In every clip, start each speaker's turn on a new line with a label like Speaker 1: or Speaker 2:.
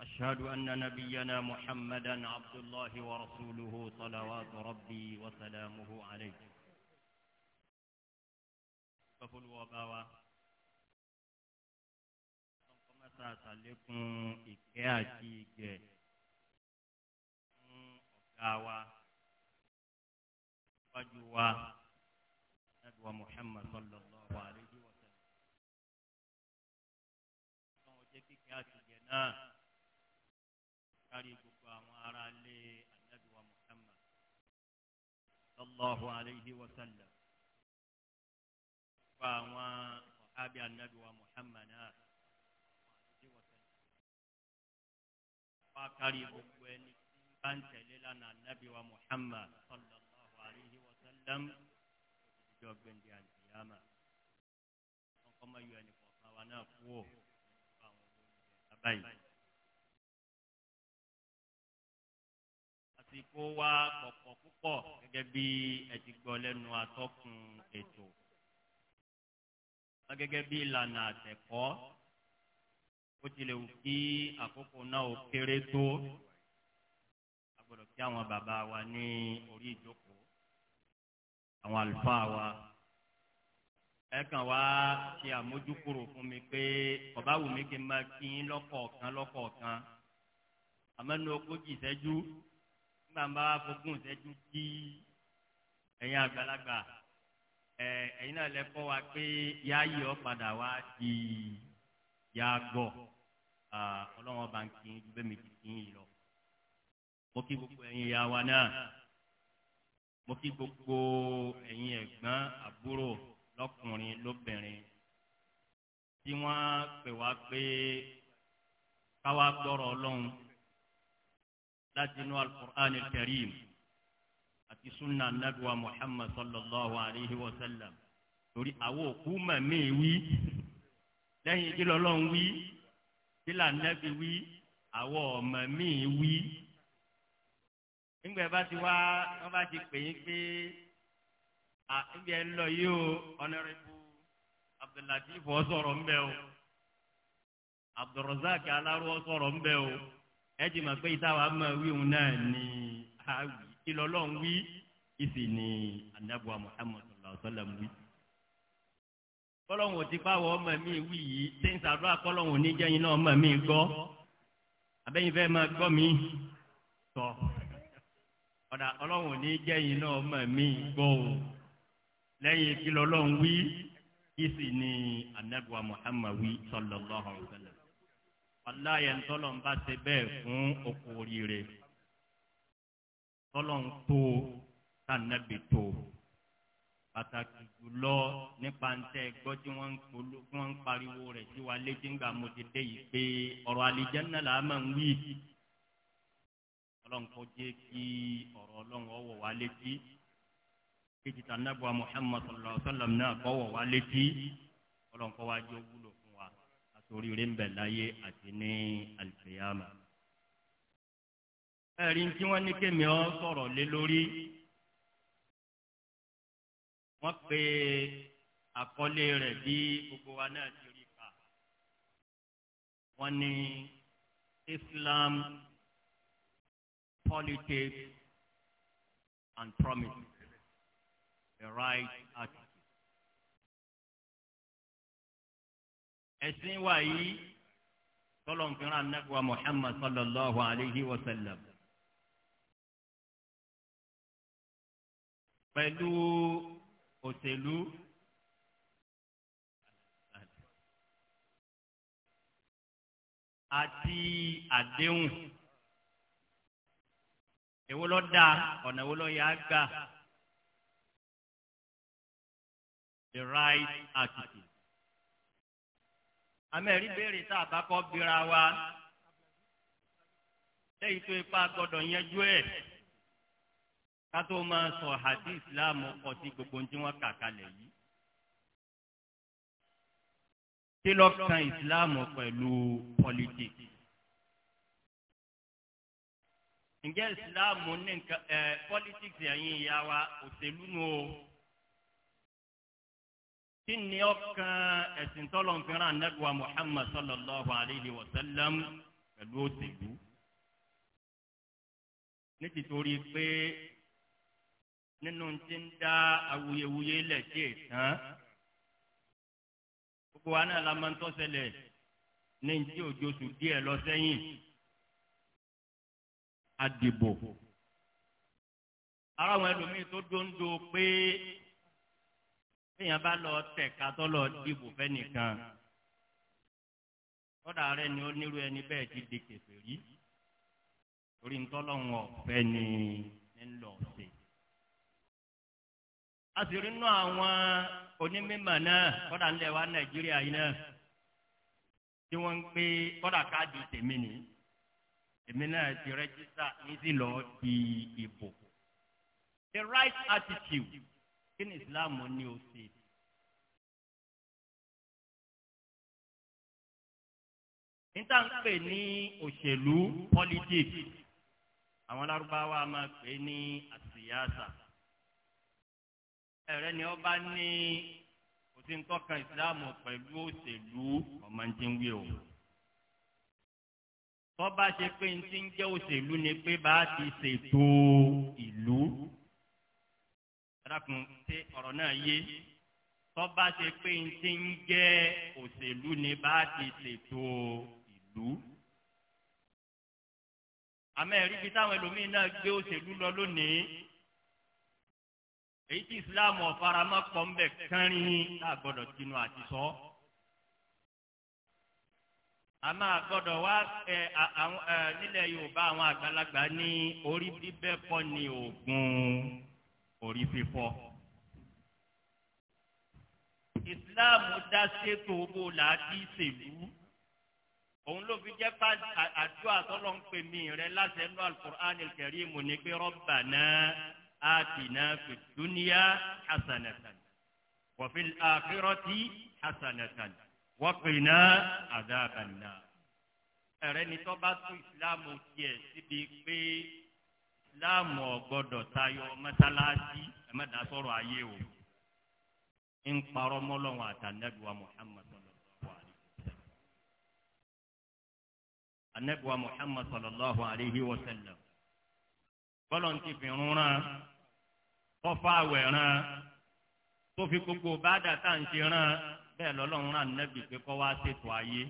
Speaker 1: وأشهد أن نبينا محمدا عبد الله ورسوله صلوات ربي وسلامه عليه قبل وباوا كما سأسألكم
Speaker 2: إكياتيك
Speaker 3: أكاوا
Speaker 1: فجوا ندوى محمد صلى
Speaker 2: الله عليه وسلم Uh,
Speaker 1: sallallahu alayhi wa sallam fa àwọn ọ̀hábí ànábì wa Muhammad náà wà kárí gbogbo ẹni tí bá ń tẹ̀lé lánàá ànábì wa Muhammad sallallahu alayhi wa sallam ìjọ gbẹ̀ndẹ̀ àdìyàmà wọn kọ́ máa yọ ẹnì kọ̀ọ̀kan wa náà kú ò àwọn olùdíje
Speaker 3: abáyé.
Speaker 2: àsìkò wa kọ̀kọ̀ púpọ̀
Speaker 1: gẹ́gẹ́ bí ẹ ti gbọ́ lẹ́nu atọ́kùn ètò gẹ́gẹ́ bí ìlànà àtẹ̀kọ́ ó ti lè wù kí àkókò náà ó kéré tó a gbọ́dọ̀ kí àwọn bàbá wa ní orí ìjókòó àwọn àlùfáà wa ẹ kàn wá ṣe àmójúkúrò fún mi pé bàbá wù mí kí n máa kí n lọ́kọ̀ọ̀kan lọ́kọ̀ọ̀kan àmọ́ ní ogójì ìṣẹ́jú gbàǹbá fogún ìṣẹ́jú kí ẹ̀yin àgbàlagbà ẹ̀ ẹ̀yin náà lẹ kọ́ wa pé yáàyè ọ́ padà wá di yàgò ọlọ́wọ́n bá ń kí ju bẹ́ẹ̀ mi ti kí yín lọ. mo kí gbogbo ẹ̀yin ìyá wa náà mo kí gbogbo ẹ̀yin ẹ̀gbọ́n àbúrò lọ́kùnrin lóbìnrin tí wọ́n pè wá pé káwá gbọ́rọ̀ ọlọ́run látinú alukur'an karim àti sunna anabiwa muhammad sallallahu alayhi wa sallam torí àwọn òkú màmí wí lẹ́yìn kí lọ́lọ́run wí kí lànàbí wí àwọn ọmọ mi wí. nígbà bá ti wá wọ́n bá ti pè yín pé à níbi ẹ lọ yìí o ọ̀nàrẹ́bù abdullahi fọ́ sọ̀rọ̀ ńbẹ́ o abdulrasaq aláró sọ̀rọ̀ ńbẹ́ o ẹ ti mọ̀ pé ìtawà máa wí òun náà ni àwì ìlọlọ́run wí ìsì ni anábùwà Muhammad sallallahu alaihi wasallam wí. kọ́lọ́hún ò ti báwọ̀ ọmọ mi wí yìí tí ń sàdúrà kọ́lọ́hún oníjẹ́yìn náà ọmọ mi gbọ́ abẹ́yìn fẹ́ máa gbọ́ mi sọ ọ̀dà ọlọ́hún oníjẹ́yìn náà ọmọ mi gbọ́ o lẹ́yìn kí wí ìsì ni anábùwà Muhammad wí sallallahu alaihi wasallam aláyẹ̀ ńtọ́lọ̀ ń bá ṣe bẹ́ẹ̀ fún òkú oríire tọ́lọ̀ ń tó tànàbì tó pàtàkì jùlọ nípa ntẹ́ gbọ́ tí wọ́n ń polo tí wọ́n ń pariwo rẹ̀ sí wa létí ńgbà mo ti dé yìí pé ọ̀rọ̀ àlìjẹ́nà là á máa ń wí ọlọ́run kò jẹ́ kí ọ̀rọ̀ ọlọ́run ọwọ́ wa létí kejì tànàbùwà Muhammad sallallahu alaihi wasallam náà kọ́ wọ̀ wa létí ọlọ́run kọ́ wa jẹ́ owó torí rẹ̀ ń bẹ láyé àti ní àlùfẹ́yàmà. ẹ̀rí tí wọ́n ní kémi ọ́ sọ̀rọ̀ lé lórí wọ́n pe àkọlé rẹ̀ bí gbogbo wa náà ti rí ká wọ́n ní
Speaker 2: Islam politics and promises the right attitude. ẹ̀sìn wa yìí tọ́lọ̀nfin ra nẹ́kọ̀ọ́ Muhammad sallallahu alayhi wa sallam. pẹ̀lú òṣèlú àti àdéhùn èwo ló dá ọ̀nà èwo ló yá gbà the right attitude
Speaker 1: àmẹ́rí béèrè tá a bá kọ́ bira wa lẹ́yìn tó ipa gbọ́dọ̀ yẹjú ẹ̀ ká tó máa sọ àdí ìsìláàmù ọkọ̀ tí gbogbo ń tí wọ́n kà kalẹ̀ yìí.
Speaker 2: kí ló kan ìsìláàmù pẹ̀lú pọ́lítíkì?
Speaker 1: ǹjẹ́ ìsìláàmù ní nǹkan ẹ̀ pọ́lítíkì ẹ̀yìn ìyá wa òṣèlú nù o kí ni ọkàn ẹ̀sìn tọ́lọ́nfẹ́ràn anagba muhammad sallallahu alayhi wa sallam pẹ̀lú òṣèlú ní tìtorí pé nínú ti ń dá awuyewuye lẹ̀ tí tán gbogbo wa náà la máa ń tọ́sẹ̀lẹ̀ ní ti òjòṣù díẹ̀ lọ sẹ́yìn
Speaker 2: adìbò ara àwọn
Speaker 1: ẹlòmíín tó dóńdó pé téèyàn bá lọ tẹ̀ka tó lọ dìbò fẹ́nìkan tọ́dà rẹ ni ó nírú ẹni bẹ́ẹ̀ ti di kèfèrí torí ntọ́lọ́hún ọ̀fẹ́ ni ń lọ a sì rí inú àwọn onímọ̀ náà kọ́dà ńlẹ̀ wa nàìjíríà yìí náà tí wọ́n ń gbé kọ́dà káàdì tèmi ni èmi náà ti rẹ́jísítà ní sí lọ́ọ́ di ìbò. the right attitude kí islam ní o sí.
Speaker 2: níta ń pè ní òṣèlú
Speaker 1: politics àwọn lárúbáwá máa pè ní àṣìyáṣà ẹ̀rẹ́ ni ọba ní òsì ń tọ́ka ìsìláàmù pẹ̀lú òṣèlú ọmọ ní ti ń wí o. tọ́ba ṣe pé ní ti ń jẹ́ òṣèlú ni pé bá a ti ṣètò ìlú ẹ̀dàkùn ṣé ọ̀rọ̀ náà yé tọ́ba ṣe pé n ti ń jẹ́ òṣèlú ni bá ti ṣètò ìlú. àmọ́ ẹ̀rí bíi táwọn ẹlòmíín náà gbé òṣèlú lọ lónìí èyí tí Islam ọ̀faramọ́ pọ̀ ń bẹ̀ kánrin náà gbọ́dọ̀ tinú àti sọ. àmọ́ àgbọ́dọ̀ wá ẹ àwọn ẹ nílẹ̀ Yorùbá àwọn àgbàlagbà ní orí bíbẹ́ pọ̀ ní oògùn orí fífọ́. ìsìláàmù dá sétò owó làákì ìṣèlú òun ló fi jẹ́ pa àdúrà tọ́lọ́ ń pè mí rẹ láti ẹnu alukur'an kẹrí mu ní pé rọ́bà náà á tì náà fi dúníyà hasanatan wọ́fi àkírọ́tì hasanatan wọ́pìnà àdàbànà. ẹ̀rẹ́ni tó bá tún ìsìláàmù tiẹ̀ síbi pé. láàmù ọ̀gbọ́dọ̀ tayọ mọ́sálásí ẹ ayé o ń parọ́ mọ́lọ́run àtànẹ́bùwà Muhammad sallallahu alayhi wa sallam ànẹ́bùwà alayhi wa sallam bọ́lọ̀ ti fi rúnran kọ́fà àwẹ̀ ran tó fi gbogbo bàdà tá à ń ṣe ran pé wá ṣètò ayé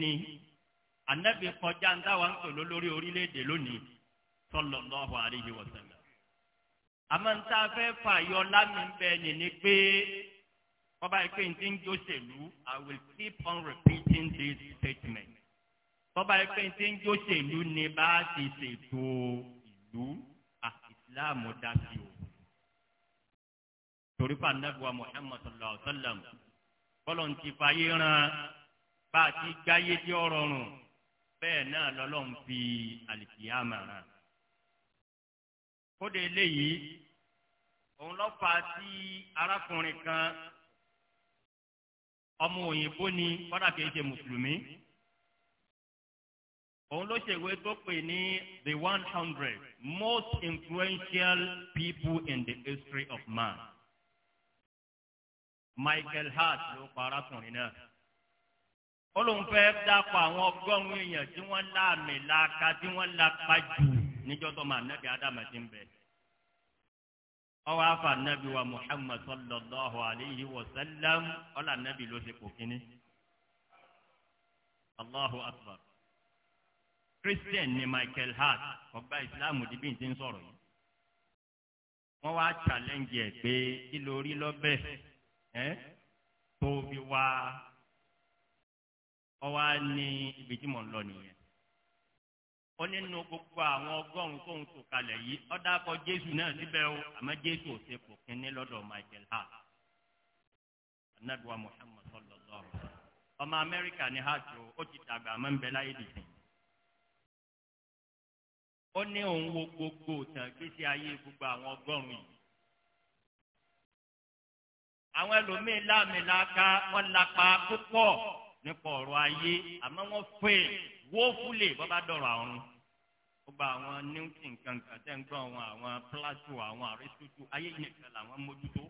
Speaker 1: ni. anabi kọjá ń táwa ń pèlú lórí orílẹ̀-èdè lónìí sallallahu alaihi wasallam. àmọ́ ń tá a fẹ́ fà yọ lámì ń bẹ ni pé bọ́bá yìí pé n ti ń jóṣèlú I will keep on repeating this statement. bọ́bá yìí pé n ti ń jóṣèlú ni bá a ti ṣètò ìlú àìsíláàmù dá sí o. torí pa anabi wa Muhammad sallallahu alaihi wasallam bọ́lọ̀ ń ti fàyè ràn bá a ti gbáyé dé ọ̀rọ̀ rùn bẹ́ẹ̀ náà lọ́lọ́run fi àlìkìyàmà hàn. kódé eléyìí òun lọ fà á sí arákùnrin kan ọmọ òyìnbó ni kọ́dà kìí ṣe mùsùlùmí. òun ló ṣèwé tó pè ní the one hundred most influential people in the history of man. Michael Hart ló pa arákùnrin náà ó lóun fẹ́ dápọ̀ àwọn ọgọ́rùn-ún èèyàn tí wọ́n láàmì láaka tí wọ́n lápá jù níjọ́ tó máa nẹ́bí ádámà ti ń bẹ̀. ọwọ́ afa nẹ́bí wa muhammad sallallahu alayhi wa sallam ọ̀là nẹ́bí ló ṣe kò kínní. allahu akbar christian ni michael hart ọgbà ìsìláàmù dìbì ti ń sọ̀rọ̀ yìí. wọ́n wá challenge ẹ̀ pé kí lórí lọ́bẹ̀ ẹ́. Eh? ọwọ́ á ní ibi tí mò ń lọ nìyẹn. ó nínú gbogbo àwọn ọgọ́rùn-ún tóun tó kalẹ̀ yìí ó dákọ̀ jésù náà síbẹ̀ o àmọ́ jésù ò ṣe kò kínní lọ́dọ̀ michael hart anaduwa muhammad sallallahu alaihi wa sallam ọmọ amẹ́ríkà ní hart o ó ti dàgbà àmọ́ ń bẹ láyé dìde. ó ní òun wo gbogbo tàn kí sí ayé gbogbo àwọn ọgọ́rùn-ún yìí àwọn ẹlòmíín láàmì làákà wọn làpá púpọ̀ nípa ọ̀rọ̀ ayé àmọ́ wọ́n fẹ́ wófúlè bọ́bá dọ̀rọ̀ àrùn gbogbo àwọn newton kankan tẹ́ ń gbọ́ àwọn àwọn plato àwọn àrísítútù ayé nìkan làwọn mójútó.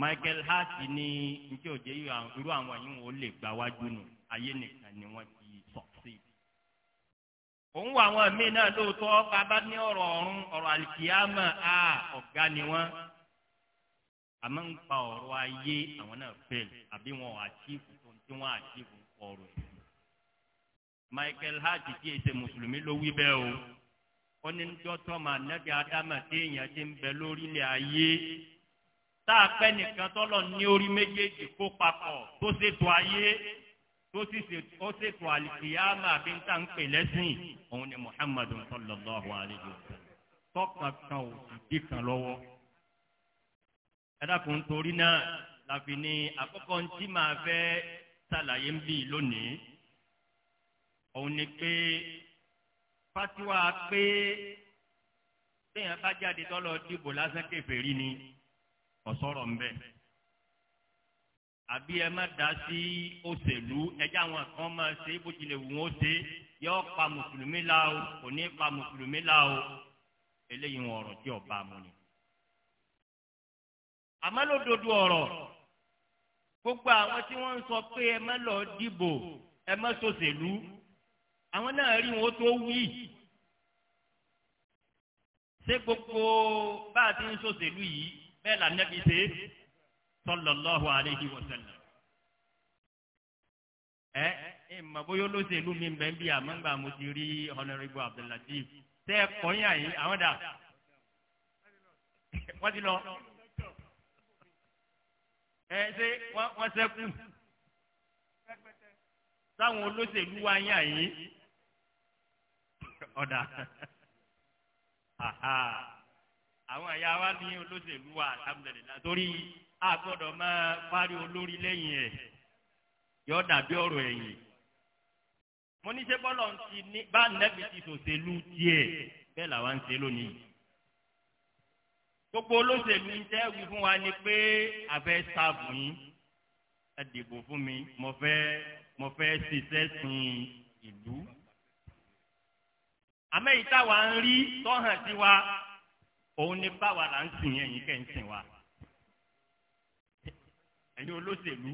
Speaker 1: Michael Hart ní njẹ́ òjé irú àwọn yìí wọ́n lè gba wájú nù ayé nìkan ni wọ́n ti succeed. òun wà àwọn míì náà lóòótọ́ bàbá ní ọ̀rọ̀ ọ̀run ọ̀rọ̀ àlìkìyàmọ̀ a ọ̀gá ni wọ́n àmọ́ ń pa ọ̀rọ̀ ayé àwọn náà fẹ́ẹ̀ àbí wọn ò àtìkù tí wọ́n àtìkù ọ̀rọ̀ yìí. Michael Hart tí èsè mùsùlùmí ló wí bẹ́ẹ̀ o ó ní dọ́tọ́ máa nẹ́gẹ́ ádámà tí èèyàn ti ń bẹ lórílẹ̀ ayé tá a pẹ́ nìkan tọ́lọ̀ ní orí méjèèjì kó papọ̀ tó ṣètò ayé tó sì ṣètò àlìkìyàmà bí n tá n pè lẹ́sìn òun ni Muhammadu sallallahu alayhi wa sallam tọkàn ò sì dí kan lọ́wọ́ ẹ dákun torí náà la ní àkọ́kọ́ ntí máa fẹ́ ṣàlàyé ń bí lónìí òun ni pé fatiwa pé téèyàn bá jáde tọ́lọ̀ dìbò lásán kèfèrí ni kò sọ̀rọ̀ ńbẹ àbí ẹ má dá sí òṣèlú ẹjẹ àwọn kan máa ṣe bó tilẹ̀ wù wọ́n ṣe yọ pa mùsùlùmí la o kò ní pa mùsùlùmí la o eléyìí wọn ọ̀rọ̀ tí ọba mu ni. àmọ́ lódodo ọ̀rọ̀ gbogbo àwọn tí wọ́n ń sọ pé ẹ má lọ dìbò ẹ má ṣòṣèlú àwọn náà rí wọn tó wí ṣé gbogbo bá a ti ń ṣòṣèlú yìí bẹ́ẹ̀ là nẹ́bi ṣe sallallahu alayhi wa sallam. ẹ ẹ mọ̀ bóyá olóṣèlú mi ń bẹ ń bí àmọ́ngbà mo ti rí honorable abdullahi tẹ́ ẹ kọ́ yàn yín àwọn dà wọ́n ti lọ ẹ ṣe wọ́n sẹ́kù sáwọn olóṣèlú wa yín àyín ọ̀dà àwọn àyà wa ní olóṣèlú wa alhamdulilayi torí a gbọ́dọ̀ máa parí olórí lẹ́yìn ẹ̀ yọ dàbí ọ̀rọ̀ ẹ̀yìn mo ní ṣe bọ́lọ̀ ti ní bá nẹ́bi ti sòṣèlú tiẹ̀ bẹ́ẹ̀ làwọn ń ṣe lónìí gbogbo olóṣèlú ń tẹ́ wí fún wa ni pé àfẹ́ sáàbù yín ẹ dìbò fún mi mo fẹ́ mo fẹ́ ṣiṣẹ́ sin ìlú. àmẹ́yìí táwa ń rí tọ́hàn sí wa òun ni báwa là ń sìn ẹ̀yìn kẹ́ ń sìn wa. ẹ̀yin olóṣèlú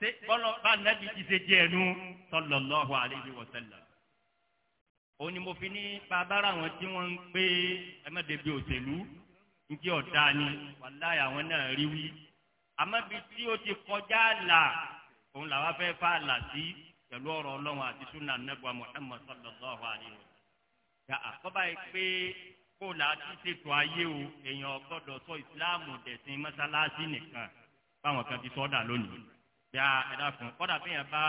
Speaker 1: ṣé bọ́lọ́ bá nẹ́bí ti ṣe jẹ́ ẹnu sallallahu alaihi wasallam òun ni mo fi ní bàbá àwọn tí wọ́n ń pé ẹmẹ́dẹ́bí òṣèlú njẹ ọdá ni wàláyé àwọn náà rí wí amábi tí ó ti kọjá là òun làwọn afẹ́ fà là sí pẹ̀lú ọ̀rọ̀ ọlọ́run àti sunnah nebà muhammad sallallahu alayhi wa sallam àkọ́bá yìí pé kó là ti ṣètò ayé o èèyàn gbọ́dọ̀ sọ ìsìláàmù dẹ̀sìn mọ́sálásí nìkan báwọn kan ti sọ́dà lónìí bí a ẹ̀dá fún kọ́dà bí bá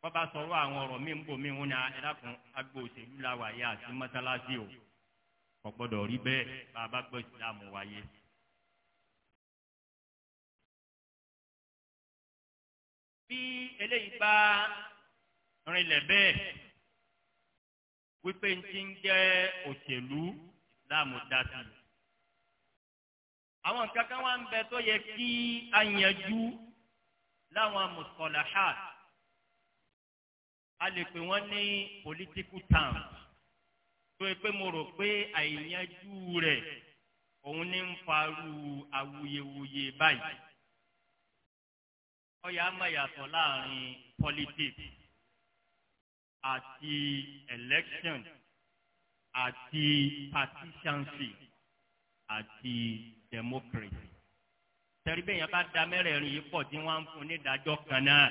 Speaker 1: wọ́n bá sọ̀rọ̀ àwọn ọ̀rọ̀ mí ń bò mí ń wọn ni ẹ̀dá fún agbóhùn òṣèlú làwàyé àti o
Speaker 2: kò gbọ́dọ̀ rí bẹ́ẹ̀ bá a bá gbọ́ ìsìlámù wáyé. bí eléyìí bá rinlẹ̀ bẹ́ẹ̀ wípé ti ń jẹ́ òṣèlú ìsìlámù dá sí i.
Speaker 1: àwọn kankan wá ń bẹ tó yẹ kí a yanjú láwọn mùsùlùmí a lè pè wọ́n ní political terms tó yẹ pé mo rò pé àìyanjú rẹ̀ òun ní ń farú awuyewuye báyìí. ọyà amáyàtọ̀ láàrin politics àti election àti partisanship àti democracy. tẹ̀rí bẹ́ẹ̀ yẹn bá da mẹ́rẹ̀ẹ̀rin yìí pọ̀ tí wọ́n á ń fún onídàájọ́ kan náà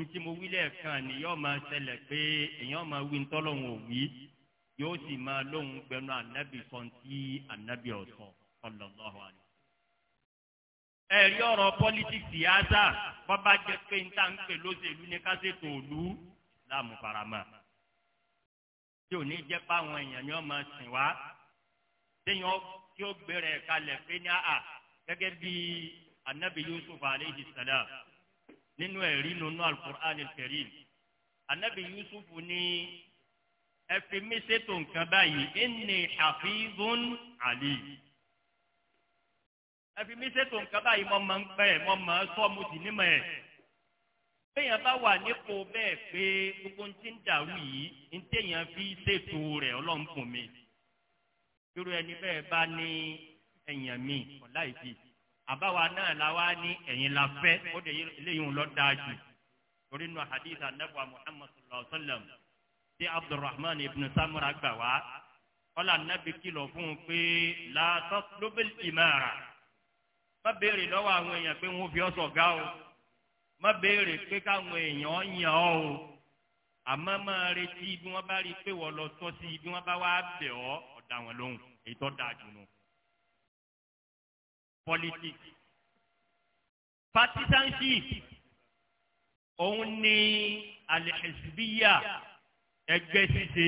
Speaker 1: ntí mo wí lẹ́ẹ̀kan nìyọ́ máa ṣẹlẹ̀ pé èèyàn máa wí ntọ́lọ́hún òwí yóò sì máa lóhùn gbẹnu ànábì kan tí ànábì ọ̀sán sallallahu alaihi wasallam. ẹ̀rí ọ̀rọ̀ pọ́lítíìsì yáàdà bọ́bá jẹ́ pé ń tà ń pè lóṣèlú ní kásẹ̀tò òlu láàmú farama. tí ò ní jẹ́ páwọn èèyàn ni wọ́n máa sìn wá téèyàn tí ó gbèrè kalẹ̀ pé ní àà gẹ́gẹ́ bí ànábì Yusuf aleyhi nínú ẹ̀rí nínú al-Qur'an ànábì Yusuf ní ẹ fi mí ṣètò nǹkan báyìí inni hafizun ali ẹ fi mí ṣètò nǹkan báyìí mo máa ń pẹ́ ẹ̀ mo máa ń sọ mo sì nímọ̀ ẹ̀ téèyàn bá wà nípò bẹ́ẹ̀ pé gbogbo ti ń dàrú yìí ní téèyàn fi ṣètò rẹ̀ ọlọ́nkùn mi irú ẹni bẹ́ẹ̀ bá ní ẹ̀yàn mi ọ̀la ìdí àbáwa náà la wá ní ẹ̀yìn la fẹ́ ó lè léyìn lọ́ọ́ dáa jù torí nu àhàdíìsì anábọ̀ Muhammad sallallahu alaihi wa sallam tí abdulrahman ibn samura gbà wá ọlà nàbí kìlọ̀ fún un pé làtọ́ lóbìlì ìmọ̀ràn má béèrè lọ́wọ́ àwọn èèyàn pé wọ́n fi ọ́ sọ̀gá o má béèrè pé káwọn èèyàn yàn ọ́ o àmọ́ máa retí bí wọ́n bá rí i pé wọ́n lọ tọ́ sí i bí wọ́n bá wá bẹ̀ ọ́ ọ̀dà wọn lóhùn èyí tó dáa jù nù. politics partisanship òun ni alihisibiya ẹgbẹ́ ṣíṣe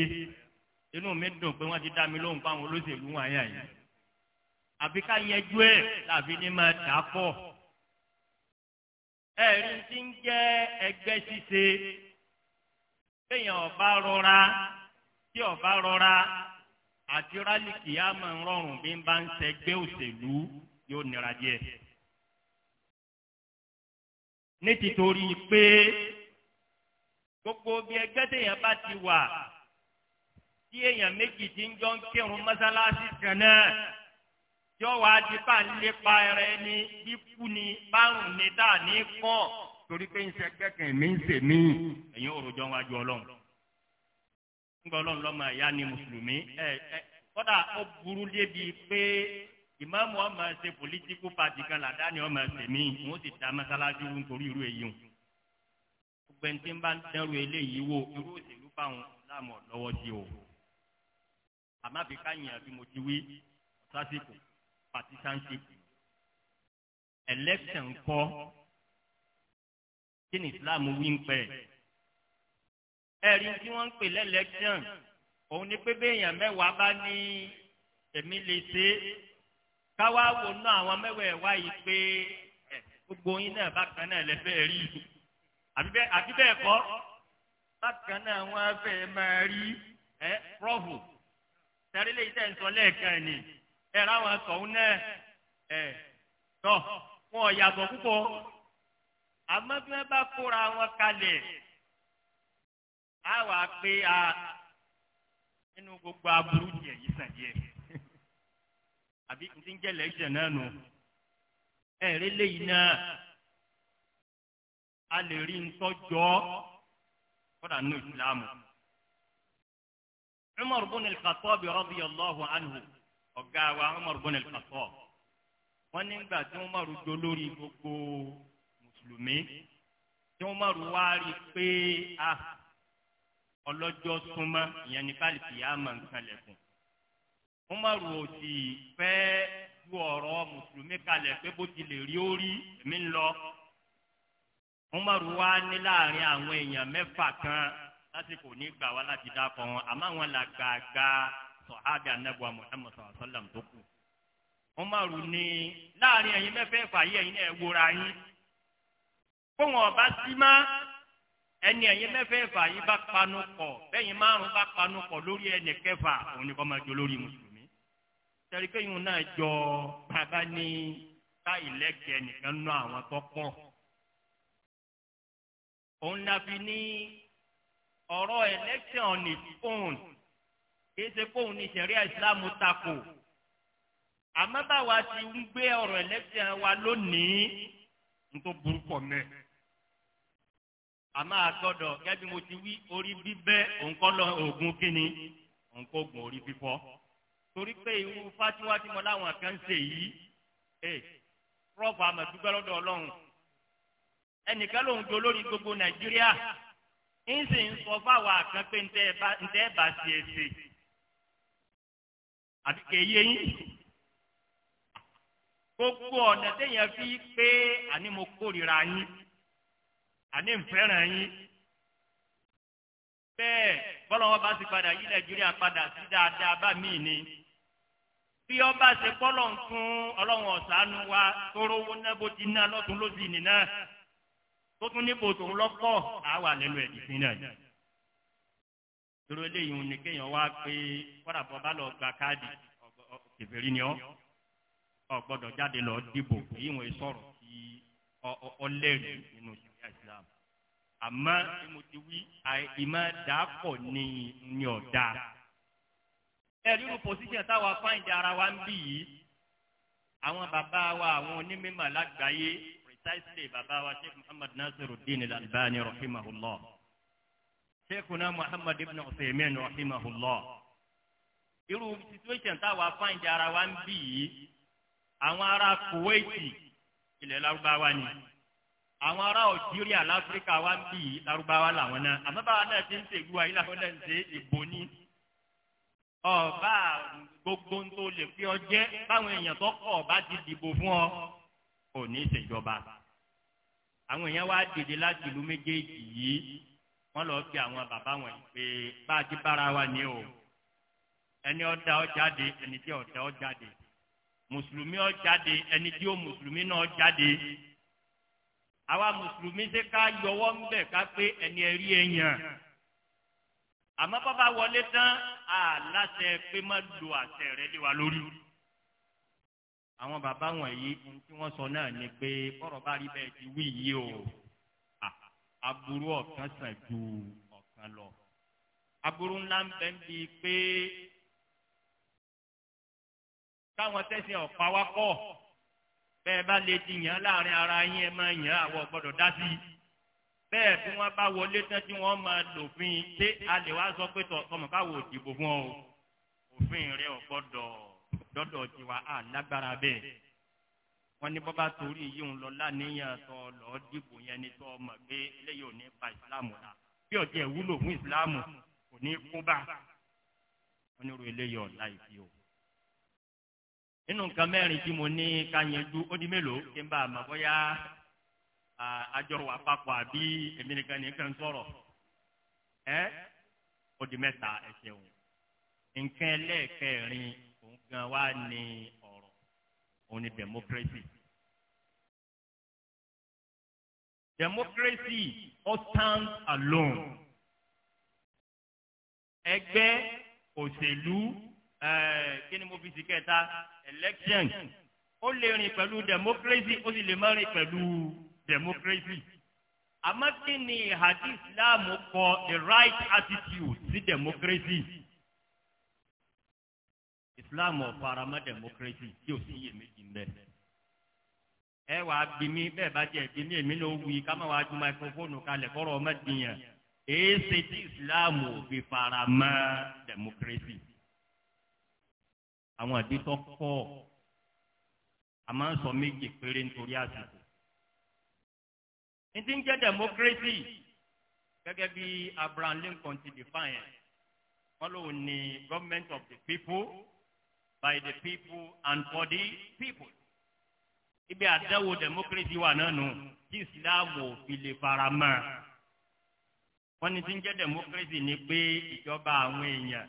Speaker 1: inú mi dùn pé wọ́n ti dá mi lóhùn fáwọn olóṣèlú wọn àyà yìí àbí ká yẹjú ẹ̀ tàbí ní máa dà á pọ̀ ẹ̀rí ti ń jẹ́ ẹgbẹ́ ṣíṣe téèyàn ọba rọra tí ọba rọra àti rálìkì á máa ń rọrùn bí n bá ń ṣẹgbẹ́ òṣèlú yóò nira díẹ̀ ní títorí pé gbogbo bí ẹgbẹ́ téèyàn bá ti wà tí èèyàn méjì ti ń jọ ń kírun mọ́sálásí kan náà yọ wá di bá ń lépa ẹrẹ ni bíkú ni bárùn ni tá à ní kàn torí pé ń ṣe gbẹ́kẹ̀ mi ń ṣe mí ẹ̀yin òròjọ́ wájú ọlọ́run ńgbọ́ ọlọ́run lọ́mọ ẹ̀yá ni mùsùlùmí ẹ ẹ kọ́dà ó burú débi pé ìmáàmù ọmọ pòlítíkù pàtì kan làdá ni ọmọ ẹsẹ̀ mi wọ́n sì dá mọ́sálásí nítorí irú èyí hùn gbogbo ẹni tí ń bá ń dẹrù eléyìí wo irú òṣèlú báwọn láàmú lọ́wọ́ sí o àmọ́ àfi káyìn àti mo ti wí sásìkò partisanship election kọ́ kí ni Islam wí ń pẹ́ ẹ̀rí tí wọ́n ń pè lẹ́lẹ́kṣọ̀n òun ni pé béèyàn mẹ́wàá bá ní èmi lè ṣe é káwá wò ná àwọn mẹ́wàá ẹ̀ wáyé pé gbogbo yín náà bákan náà lẹ́fẹ̀ẹ́ rí i àbí bẹ́ẹ̀ kọ́ bákan náà wọ́n fẹ́ máa rí ẹ prọ́fù tẹ̀rí lè tẹ̀ ń sọ lẹ́ẹ̀kan ni ẹ ráwọn tọ̀hún náà ẹ tọ̀ wọn ò yàtọ̀ púpọ̀ àmọ́ bí wọ́n bá kóra wọn kalẹ̀ á wàá pé a nínú gbogbo aburú díẹ̀ yìí sàn díẹ̀ àbí ntí ń jẹ́ lẹ́sẹ̀ náà nù ẹ̀rí náà a lè rí ntọ́jọ́ kódà nínú ìsìlámù. Umar bin al-Khattab radiyallahu anhu ọ̀gá wa Umar bin al-Khattab wọ́n nígbà tí Umar jọ lórí gbogbo mùsùlùmí tí Umar wá rí i pé a ọlọ́jọ́ súnmọ́ ìyẹn ní kálífì yá máa ń kalẹ̀ fún. Umar ò sì fẹ́ ju ọ̀rọ̀ mùsùlùmí kalẹ̀ pé bó ti lè rí ó rí lọ umaru wa ní láàrin àwọn èèyàn mẹ́fà kan lásìkò ní gbà wá láti dákọ̀ wọn àmọ́ àwọn làgbààgbà sọ̀hábì anábùwà muhammed sọ̀rọ̀ sọ́làm tó kù. umaru ní láàrin ẹ̀yin mẹ́fẹ̀ẹ̀fà yìí ẹ̀yin náà wúra yín fóun ọba sí má ẹni ẹ̀yin mẹ́fẹ̀ẹ̀fà yìí bá panu pọ̀ bẹ́yìn márùn bá panu pọ̀ lórí ẹnì kẹfà òun ni kọ́ máa jọ lórí mùsùlùmí. tẹ̀ríkẹ́yìn náà jọ bàbá ní táìlẹ́kẹ̀ẹ́ nìkan ná àwọn tó pọ̀ òun la fi ní ọ̀rọ̀ election on its own kìí ṣe pé òun ní sẹ̀ríà ìsìláàmù takò àmọ́ báwa ti ń gbé ọ̀rọ̀ election wa lónìí ń tó burúkọ mẹ́ àmọ́ àgbọ́dọ̀ gẹ́gẹ́ bí mo ti wí orí bíbẹ́ òǹkọ́ lọ oògùn kínni òǹkọ́ oògùn orí fífọ́ torí pé irú fásiwá tí láwọn kan ń ṣe yìí eh, ẹ prọfù lọ́dọ̀ ọlọ́run ẹnìkan lòun jọ lórí gbogbo nàìjíríà ń sì ń sọ fáwọn àkàn pé ntẹ́ ẹ̀ bá ti èsè àti kèye yín gbogbo ọ̀nà téèyàn fi pé àní mo kórìíra yín àní ń fẹ́ràn yín bẹ́ẹ̀ bọ́lọ́wọ́ bá ti padà yí nàìjíríà padà sí dáadáa bá mí ni bí ọba ṣe kọ́ lọ́n ọlọ́run ọ̀sánú wa tó rówó náà bó ti ná lọ́tún lóṣìṣì nìyẹn tó tún níbo tòun lọ́pọ̀ á wà lẹ́nu ẹ̀dì sí náà yìí. dúró léyìn òun ni kéèyàn wá pé kọ́dà bọ́ bá lọ gba káàdì ìbéèrè ni ọ́ ọ gbọ́dọ̀ jáde lọ dìbò èyí wọn sọ̀rọ̀ sí ọlẹ́rìí nínú ìṣẹ̀lẹ̀ Islam àmọ́ tí mo ti wí ìmọ̀ dàpọ̀ ní ní ọ̀dà. ẹ rírun pòsíṣàn táwa fáìndì ara wa ń bì yìí àwọn bàbá wa àwọn onímọ̀ lágbàáyé precisely bàbá wa sheikh muhammad nasiruddin al-albani rahimahullah sheikhuna muhammad ibn usaymin rahimahullah irú situation táwa fáìndì ara wa ń bì yìí àwọn ará kuwaiti ilẹ̀ lárúbáwá ni àwọn ará algeria láfíríkà wa ń bì yìí lárúbáwá làwọn náà àmọ́ báwa náà ti ń ṣègbú wa yìí làwọn náà ń ṣe ìbò ní ọba gbogbo tó lè fi ọ jẹ báwọn èèyàn tó kọ ọba ti dìbò fún ọ ò ní ìṣèjọba àwọn èèyàn wá dìde láti ìlú méjèèjì yìí wọ́n lọ pe àwọn bàbá wọn yìí pé bá a ti bára wa ní o ẹni ọ̀dà ọ̀jáde ẹni tí ọ̀dà ọ̀jáde mùsùlùmí ọ̀jáde ẹni tí ó mùsùlùmí náà jáde àwa mùsùlùmí ṣe ká yọwọ́ ń bẹ̀ ká pé ẹni ẹ̀rí èèyàn àmọ́ bàbá wọlé tán àlàṣẹ pé má lo àṣẹ rẹ lé wa lórí àwọn bàbá wọ̀nyí ohun tí wọ́n sọ náà ni pé bọ́rọ̀ bá rí bẹ́ẹ̀ ti wí yìí o aburú ọ̀kan sàn ju ọ̀kan lọ aburú ńlá ń bẹ ń bi pé káwọn tẹ̀sí ọ̀pá wá pọ̀ bẹ́ẹ̀ bá lè ti yàn láàrin ara yín ẹ máa yàn àwọ̀ gbọ́dọ̀ dá sí i bẹ́ẹ̀ bí wọ́n bá wọlé tán tí wọ́n máa lòfin ṣé a lè wá sọ pé tọ̀ ọmọ káwọ́ òdìbò fún ọ òfin rẹ ò gbọ́dọ̀ lọ́dọ̀ tiwa á lágbára bẹ́ẹ̀ wọ́n ní bọ́bá torí yíyún lọ láníyàn tó lọ dìbò yẹn ni tó mọ̀ pé eléyìí ò ní ba ìsìláàmù la bí ọ̀jẹ̀ wúlò fún ìsìláàmù kò ní kú bá wọ́n ní ro eléyìí ọ̀la ìfi o. nínú nǹkan mẹ́rin tí mo ní ká yanjú ó di mélòó kí n bá a mọ̀ bóyá àjọ wà papọ̀ àbí èmi nìkan nìkan sọ̀rọ̀ ó di mẹ́ta ẹ̀ṣẹ̀ o. nǹkan ẹlẹ́ẹ̀kẹrin gan wa ni ọ̀rọ̀
Speaker 2: òun ni democracy.
Speaker 1: democracy ó stand alone. ẹgbẹ́ òṣèlú kí ni mo fi sí kẹta election ó lè rìn pẹ̀lú democracy ó sì lè má rìn pẹ̀lú democracy. àmọ́ kí ni ìhàdí Islam kọ the right attitude sí democracy islam ọ̀farama democracy tí ò sí iyèméjì ń bẹ. ẹ wàá bí mi bẹ́ẹ̀ bá jẹ́ bí mi èmi ló wí ká má wàá ju máikrófóònù kalẹ̀ kọ́rọ̀ ọmọ dìyàn èé ṣe tí islam ò fi farama democracy. àwọn àdìtọ́ kọ́ a máa ń sọ méjì péré nítorí àsìkò. ìdí ń jẹ́ democracy gẹ́gẹ́ bí Abraham Lincoln ti define ẹ̀ wọ́n lóun ní government of the people by the people and for the people. Ibi àdáwò democracy wà náà nù tí ìsìláàmù ò lè fara mọ́ Wọ́n ní tí ń jẹ́ democracy ni pé ìjọba àwọn èèyàn.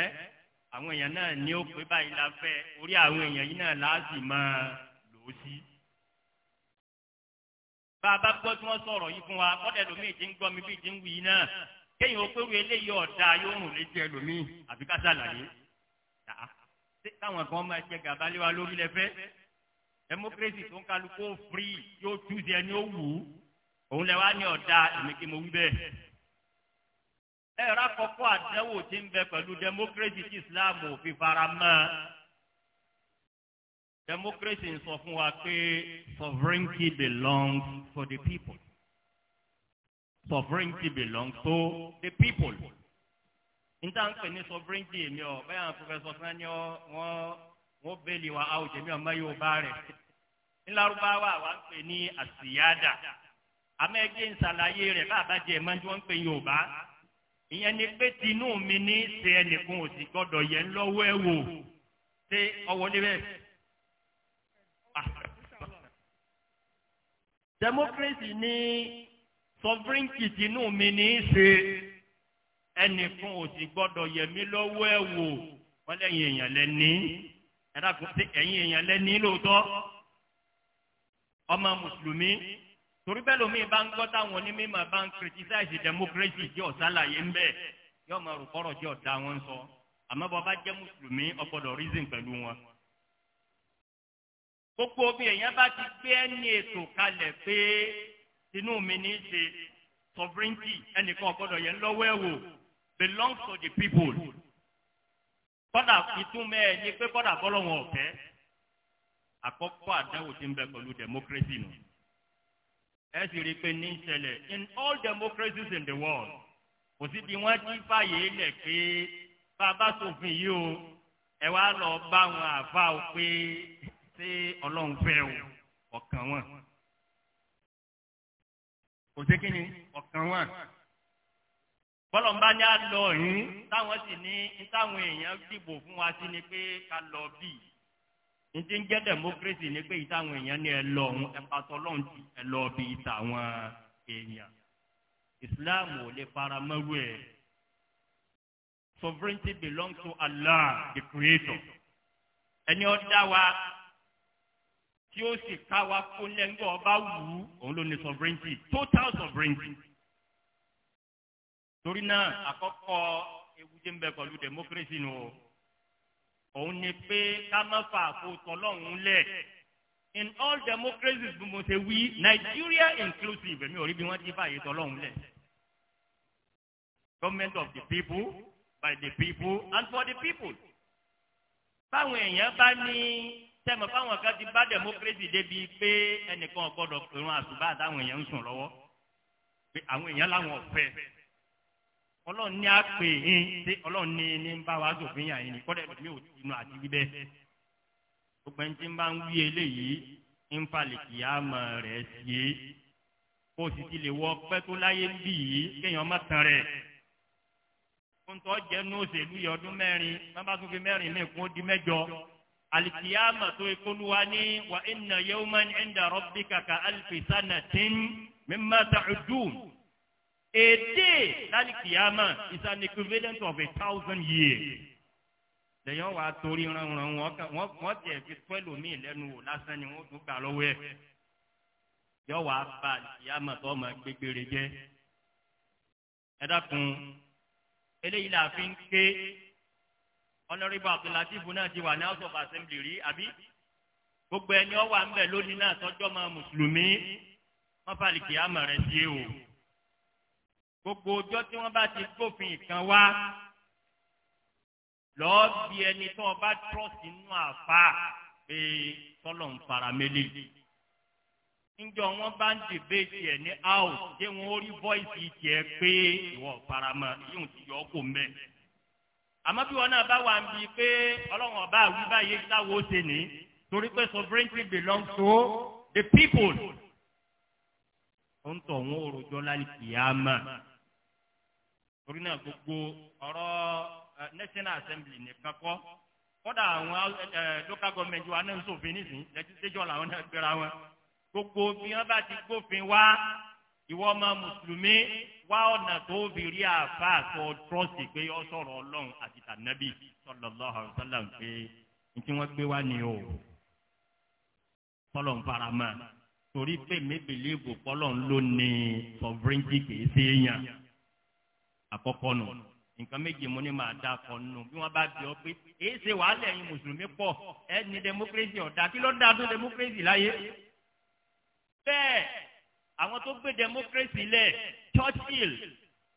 Speaker 1: Ẹ́ àwọn èèyàn náà ní ó pé báyìí la fẹ́ orí àwọn èèyàn yìí náà láàsì máa lò ó sí. Bá a bá gbọ́ tí wọ́n sọ̀rọ̀ yìí fún wa, kọ́dẹ̀ lómi ti ń gbọ́ mi bí ti ń wù náà. Kéèyàn ó pérú eléyìí ọ̀dà yóò rùn létí ẹlòmíì àbí ká táwọn kan máa jẹ gàba lé wa lórí lẹfẹ democracy tó ń kálukú free yóò túzi ẹni ó wù ú òun lẹ wá ní ọ̀dà èmi kí mo wí bẹ́ẹ̀. ẹ̀rọ àkọ́kọ́ àdánwò ti ń bẹ pẹ̀lú democracy tí Islam ò fi democracy ń sọ fún wa pé sovereignty belongs to the people sovereignty belongs to the people níta ń pè ní sovereignty èmi ọ bẹ́ẹ̀ àwọn professor kan ní wọ́n wọ́n bẹ́ẹ̀lì wa out èmi ọ mẹ́yìí bá rẹ̀ ńlárúbáwá wa ń pè ní àsìyáàdà amẹ́gbẹ́ nsàlàyé rẹ̀ bàbá jẹ́ ẹ̀mọ́ tí wọ́n ń pè Yorùbá ìyẹn ni pé tinú mi ní ṣe ẹnìkan ò sì gbọ́dọ̀ yẹ lọ́wọ́ ẹ̀ wò ṣé ọwọ́ níbẹ̀. Ah. democracy ní sovereignty tinú mi ní ṣe ẹnìkan ò sì gbọ́dọ̀ yẹ̀mí lọ́wọ́ ẹ̀ wò wọ́n lẹ́yìn èèyàn lẹ́ni ẹ̀dàkùn sí ẹ̀yìn èèyàn lẹ́ni lóòótọ́ ọmọ mùsùlùmí torí bẹ́ẹ̀ lómi bá ń gbọ́ táwọn onímọ̀ bá ń kìrìtìsáìsì democracy jẹ́ ọ̀sálàyé ń bẹ́ẹ̀ yóò máa rò kọ́rọ̀ jẹ́ ọ̀tá wọn sọ àmọ́ bọ́ bá jẹ́ mùsùlùmí ọgbọ́dọ̀ reason pẹ̀lú wọn. gbogbo bí èèyàn bá ti gbé ẹni ètò kalẹ̀ pé inú mi ní í ṣe sovereignty ẹnìkan ọgbọ́dọ̀ yẹn lọ́wọ́ ẹ̀ wò belongs to the people kọ́dà ìtumọ̀ ẹ̀ ni pé kọ́dà bọ́lọ́wọ́n ọ̀fẹ́ àkọ́kọ́ àdáwò ti ń bẹ pẹ̀lú democracy nù ẹ sì rí i pé ní ìṣẹ̀lẹ̀ in all democracies in the world kò sí bí wọ́n ti fàyè lẹ̀ pé bàbá ṣòfin yìí o ẹ wá lọ bá wọn àfa o pé ṣé ọlọ́run fẹ́ o ọ̀kan wọn kò sí kí ni ọ̀kan wọn bọ́lọ̀mbá ní àlọ́ yín táwọn sì ní táwọn èèyàn dìbò fún wa sí ni pé ká lọ bí n ti ń jẹ́ democracy ni pé ìtàwọn èèyàn ní ẹ lọ ọ̀hún ẹ pàtó lọ́hùn jù ẹ lọ bí ìtàwọn èèyàn Islam ò lè fara mọ́rú ẹ̀ sovereignty belongs to Allah the creator ẹni ó dá wa tí ó sì ká wa kó lẹ́ńgọ́ ọba wù ú òun ló ní sovereignty total sovereignty torí náà àkọ́kọ́ ewu tí ń bẹ pẹ̀lú democracy nù o òun ni pé ká má fa àfòtò ọlọ́run lẹ̀ in all democracies bí mo ṣe wí Nigeria inclusive èmi ò rí bí wọ́n ti fààyè tọ́ ọlọ́run lẹ̀ government of the people by the people and for the people báwọn èèyàn bá ní tẹmọ fáwọn kan ti bá democracy débi pé ẹnìkan ò gbọ́dọ̀ pèrún àṣùbà àtàwọn èèyàn ń sùn lọ́wọ́ pé àwọn èèyàn làwọn ò fẹ́ ọlọ́run ní àpè yín ṣé ọlọ́run ní ní ń bá wa sòfin yàn yín ni kọ́dẹ̀ mi ò tunu àti bíbẹ́ gbogbo ẹni tí ń bá ń wí eléyìí ń falẹ̀ kì á mọ̀ rẹ̀ sí i kó o sì ti lè wọ pẹ́ tó láyé ń bì yìí kéèyàn má tan rẹ̀ kóńtọ́ jẹ́ ní òṣèlú yìí ọdún mẹ́rin bábá tó fi mẹ́rin mi kún di mẹ́jọ alikiyama tó ikoluwa ní wa inna yawman inda rabbika ka alfi sanatin mimma ta'udun. A day lálẹ́ kìyàmà is an equivalent of a thousand years. Lẹ́yìn wa torí ránran wọn wọ́n tẹ̀ fi pẹ́lú mi lẹ́nu wò lásán ni wọ́n tún gbà lọ́wọ́ ẹ̀. Yọ wá ba kìyàmà tó ọmọ gbégbére jẹ́. Ẹ dákun, eléyìí là fi ń ké. Honorable Abdulatif náà ti wà ní House of Assembly rí àbí? Gbogbo ẹni ọ wà ń bẹ̀ lónìí náà tọ́jọ́ máa Mùsùlùmí. Wọ́n kìyàmà rẹ̀ sí o gbogbo ọjọ́ tí wọ́n bá ti gbófin ìkan wá lọ́ọ́ bí ẹni tó o bá trọ́ọ̀sì nínú àfa pé tọ́lọ̀ ń fara mélé. níjọ wọn bá ń dìbéètì ẹ̀ ní house dé wọn ó rí voice tiẹ̀ pé ìwọ faramọ́ yóò ti yọ ọ́ kò mẹ́. àmọ́ bí wọn náà bá wà ń bi pé ọlọ́run ọba àwí báyìí táwo ṣe ní torí pé sovereignty belongs to the people. ó ń tọ̀ wọn òròjọ́ láti kìí á mọ̀ torí náà gbogbo ọ̀rọ̀ eh, national assembly nìkan kọ́ kódà àwọn eh, eh, local government wa náà ń ṣòfin nísìnyí legislature làwọn náà gbéra wọn gbogbo bí wọ́n bá ti gbófin wá ìwọ ọmọ mùsùlùmí wá ọ̀nà tó fi rí àfa àtọ trọ́ọ̀sì pé ọ sọ̀rọ̀ ọlọ́run àti tànàbí sallallahu alaihi wasallam pé n tí wọ́n gbé wá ni o kọ́lọ̀ ń fara mọ́ torí pé mébèlé ìbò kọ́lọ̀ ń lò ní sovereignty kìí ṣe é yàn àkọ́kọ́ nù nǹkan méje mo ní máa dá kọ nù bí wọ́n bá bí ọ pé èyí ṣe wàhálà ẹ̀yin mùsùlùmí pọ̀ ẹ ní democracy ọ̀dà kí ló dá tó democracy láyé. bẹ́ẹ̀ àwọn tó gbé democracy lẹ̀ Churchill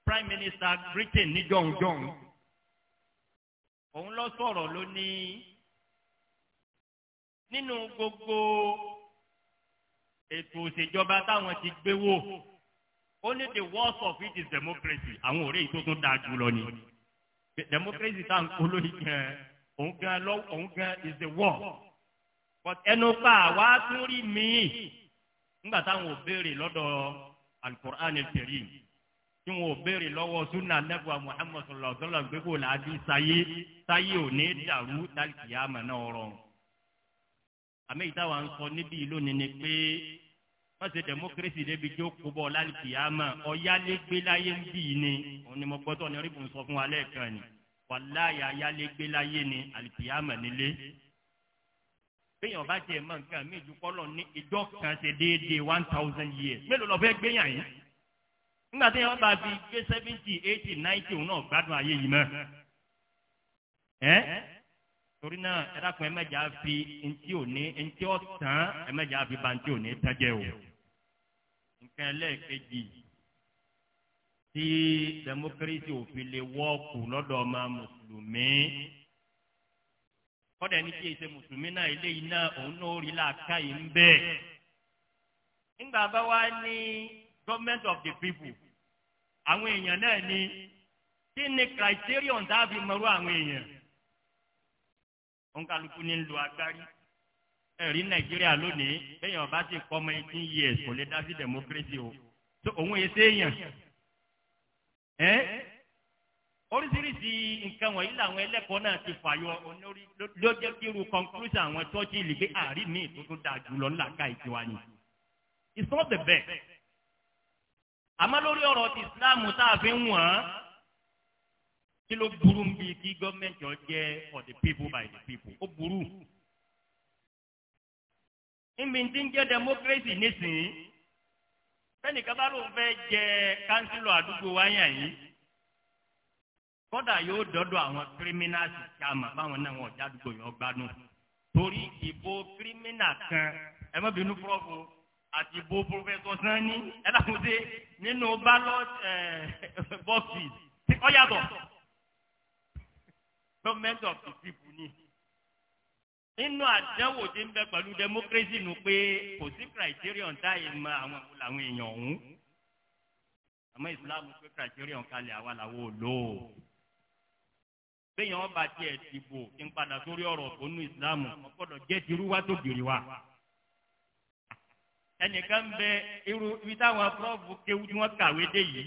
Speaker 1: Prime Minister Britain ní jọ̀hún-jọ̀hún òun lọ sọ̀rọ̀ ló ní nínú gbogbo ètò òṣèjọba táwọn ti gbé wò. only the worst of it is democracy àwọn ọ̀rẹ́ yìí tó tún dáa ni democracy tá à ń yìí gan òun gan lọ òun gan is the worst but ẹnu pa àwa tún rí míì nígbà táwọn ò béèrè lọ́dọ̀ alukur'an al tí wọn ò béèrè lọ́wọ́ sunna nebua muhammad sallallahu alaihi wa sallam gbégbó la di ò ní dàrú tálkìyàmà náà rọrùn àmì ìtawà ń sọ níbí wọ́n ṣe democracy débi tí ó kó bọ́ lálùkìyàmà ọ̀yálégbé láyé ń bì ní òun ni mo gbọ́dọ̀ ní orí bùn sọ fún wa lẹ́ẹ̀kan ni wàláyà ayálégbé láyé ni àlùkìyàmà nílé. béèyàn bá tiẹ̀ mọ nǹkan mi ju kọ́lọ̀ ní ìjọ kan ṣe déédéé one thousand years mélòó lọ fẹ́ gbéyàn yín. nígbà tí wọ́n bá fi gbé seventy eighty ninety òun náà gbádùn ayé yìí mọ́ torí náà ẹ dákun ẹ mẹ́jà fi ntí òní ntí ọ̀tán ẹ mẹ́jà fi ba ntí òní tẹ́jẹ́ o. nǹkan ẹlẹ́ẹ̀kejì tí democracy òfin lè wọ́ọ̀kù lọ́dọ̀ ọmọ mùsùlùmí kọ́dà ní kí èsè mùsùlùmí náà eléyìí náà òun náà ó rí làákà yìí ń bẹ́ẹ̀. nígbà bá wá ní government of the people àwọn èèyàn náà ni
Speaker 3: kí ni criterion dábì mọ́rú àwọn
Speaker 1: èèyàn òǹkàlùkù ní lu agbárí ẹ̀rí nàìjíríà lónìí bẹ́ẹ̀ ọba ti kọ́ ọmọ eighteen years kò lè dá sí democracy o tó òun èsè èèyàn ẹ́ oríṣiríṣi nǹkan wọ̀nyí làwọn ẹlẹ́kọ̀ọ́ náà ti fàyọ onórí conclusion àwọn tọ́jú ìlú pé àárín mi tó tún dáa jùlọ ńlá ká ìjọba ni it's not the best àmọ́ lórí ọ̀rọ̀ ti islam tá a fi ń wọ̀n kí ló burú ń bi kí gọ́ọ̀mẹ̀ntì ọ jẹ́ for the people by the people ó burú. níbi tí ń jẹ́ democracy nísìnyí fẹ́nìkan bá lóun fẹ́ jẹ kánsílọ̀ àdúgbò wáyà yìí kódà yóò dọ́dọ̀ àwọn criminals kí a mọ̀ báwọn náà wọ́n jádùgbò yọ gbanú torí ìbò criminal kan ẹ má bínú fúrọ́fù àti ìbò pòfẹ́sọ̀ sanni ẹ dàkúndé nínú ballot eh, boxes ó yàtọ̀ government of the people ni inú àdánwò tí ń bẹ pẹ̀lú democracy nu pé kò sí criterion táyé mọ àwọn làwọn èèyàn ọ̀hún àmọ́ islam pé criterion kalẹ̀ àwa làwọn ò lò ó béèyàn bá tiẹ̀ dìbò kí n padà sórí ọ̀rọ̀ tó nu islam ọgbọ́dọ̀ jẹ́ tirú wá tó gèrè wa ẹnìkan bẹ irú ibi táwọn prọ́fù kéwú tí wọ́n kàwé dé yìí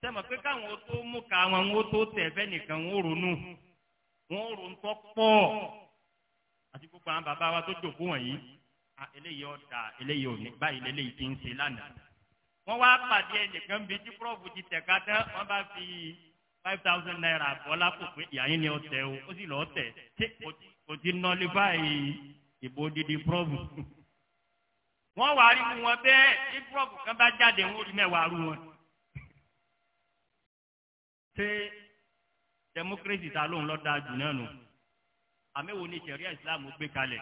Speaker 1: sẹ́mi pé káwọn tó mú ka wọn ó tó tẹ̀ fẹ́ nìkan ó ronú wọ́n rò ń tọ́ pọ̀ àti gbogbo àwọn bàbá wa tó jòkó wọ̀nyí eléyìí ọ̀dà eléyìí òní báyìí lélẹ́yìí ti ń ṣe lánàá wọ́n wá pàdé ẹnìkan bíi tí prọ́fù ti tẹ̀ka tán wọ́n bá fi five thousand naira bọ́lá kò pé ìyàyín ni ọ̀tẹ̀ o ó sì lọ́ọ́ tẹ̀ ṣé kò ti nọ́ọ́lé báyìí ìbò dídí prọ́fù wọ́n wà á rí mu wọn bẹ́ẹ̀ tí prọ́fù kan bá jáde ń rí mẹ́wàá rú wọn democracy ta lóun lọ da jù náà nù àmẹ́wò ni sẹ̀ríà islam gbé kalẹ̀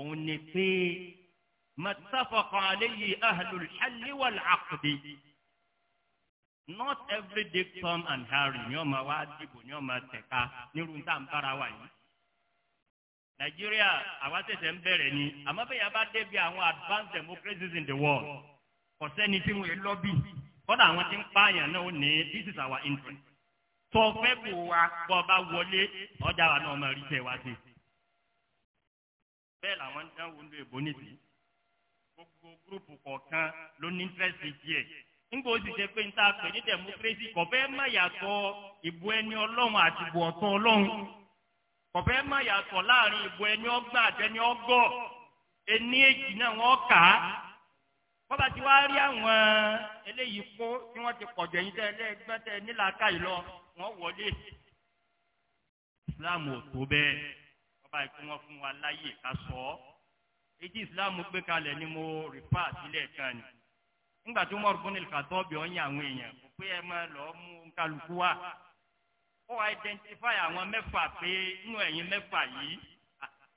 Speaker 1: òun ni pé matafaqa alayhi ahlul halli wal not every day Tom and Harry ni wọ́n máa wá dìbò ni wọ́n máa tẹ̀ka nírú tá à ń bára wa yìí nàìjíríà àwa tẹ̀sẹ̀ ń bẹ̀rẹ̀ ni àmọ́ bẹ́ẹ̀ yà bá débi àwọn advanced democracies in the world kò sẹ́ni tí wọ́n lọ́bì kọ́dà àwọn tí ń pààyàn náà ó ní this is our interest tó fẹ́ wá bọ́ bá wọlé ọjà wa náà máa rí tẹ̀ wá sí. bẹ́ẹ̀ làwọn ń dánwò ń lo èbó nìsí. gbogbo gúrùpù kọ̀ọ̀kan ló ní íńtírẹ́sì díẹ̀. nígbà ó sì ṣe pé pè ní dẹ̀mókírésì kò má yàtọ̀ ìbò ẹni ọlọ́run àti ìbò ọ̀tọ̀ ọlọ́run. má yàtọ̀ láàrin ìbò ẹni ọgbà àtẹni ọgọ́ ẹni èjì náà wọ́n kà á bọ́ba ti wá rí àwọn eléyìí kó tí wọ́n ti wọ́n wọlé islam ò tó bẹ́ẹ̀ ọba ìpè wọn fún wa láyè ká sọ ọ́ èyí islam gbé kalẹ̀ ni mo rìpá sílẹ̀ kan ni nígbà tó mọ̀ rúbọ́n nìkan tó bí wọ́n yàn àwọn èèyàn kò pé ẹ máa lọ mú kálukú wá ó identify àwọn mẹ́fà pé inú ẹ̀yin mẹ́fà yìí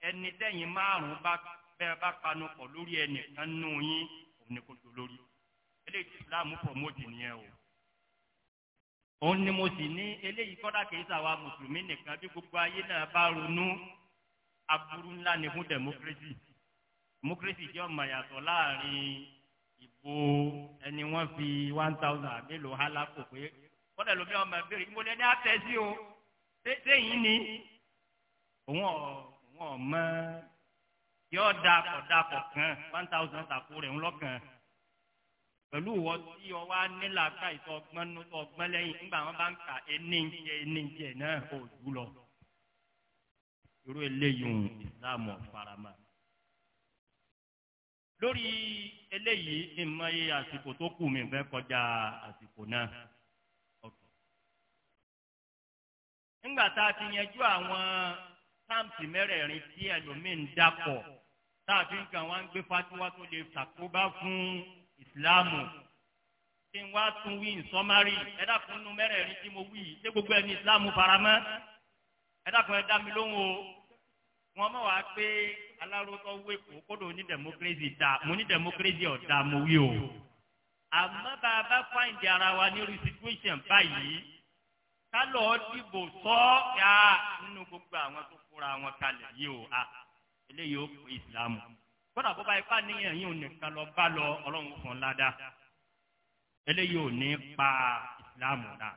Speaker 1: ẹni tẹ́yìn márùn-ún bá bẹ́ẹ̀ bá panupọ̀ lórí ẹnìkan nù yín òun ni kò tó lórí eléyìí islam promote nìyẹn o òun ni mo sì ní eléyìí kọ́dà kìí sàwa mùsùlùmí nìkan bí gbogbo ayé náà bá ronú aburú ńlá ni fún democracy democracy jẹ́ ọmọ yàtọ̀ láàrin ìbò ẹni wọ́n fi one thousand mélòó alákò pé kọ́dà lómi ọmọ ìbéèrè mo lẹ́ni àtẹ sí o sẹ́yìn ni òun ọ̀mọ yọ̀ọ́ da kọ̀dà kọ̀kan one thousand tàkó rẹ̀ ńlọ́kàn pẹ̀lú ìwọ tí ọ wá nílà ká ìtọ́ ọgbọ́n nú ọgbọ́n lẹ́yìn nígbà wọn bá ń ka ẹni jẹ ẹni jẹ náà ò jù lọ. irú eléyìí ìsìláàmù ọ̀farama. lórí eléyìí ìmọ̀ye àsìkò tó kù mi fẹ́ kọjá àsìkò náà. nígbà tá a ti yanjú àwọn táǹpì mẹ́rẹ̀ẹ̀rin tí ẹlòmíín dapọ̀ tá a fi ń kàn wá ń gbé fatiwa tó lè ṣàkóbá fún ìsìláàmù kí n wá tún wí nsọ́márì ẹ dákun nu mẹ́rẹ̀ẹ̀rin tí mo wí ṣé gbogbo ẹni ìsìláàmù faramọ́ ẹ dákun ẹ dá mi lóhùn o wọn mọ̀ wá pé aláròótọ́ wé kó kódò ní democracy dá mo ní democracy ọ̀dà mo wí o àmọ́ bá a bá fáìndì ara wa ní situation báyìí ká lọ́ọ́ dìbò sọ́ ya nínú gbogbo àwọn tó kóra wọn kalẹ̀ yìí o eléyìí ó pè ìsìláàmù. kódà bó bá ipá níyàn yìí lọ bá lọ ọlọ́run fún ládàá eléyìí ò ní pa ìsìláàmù rà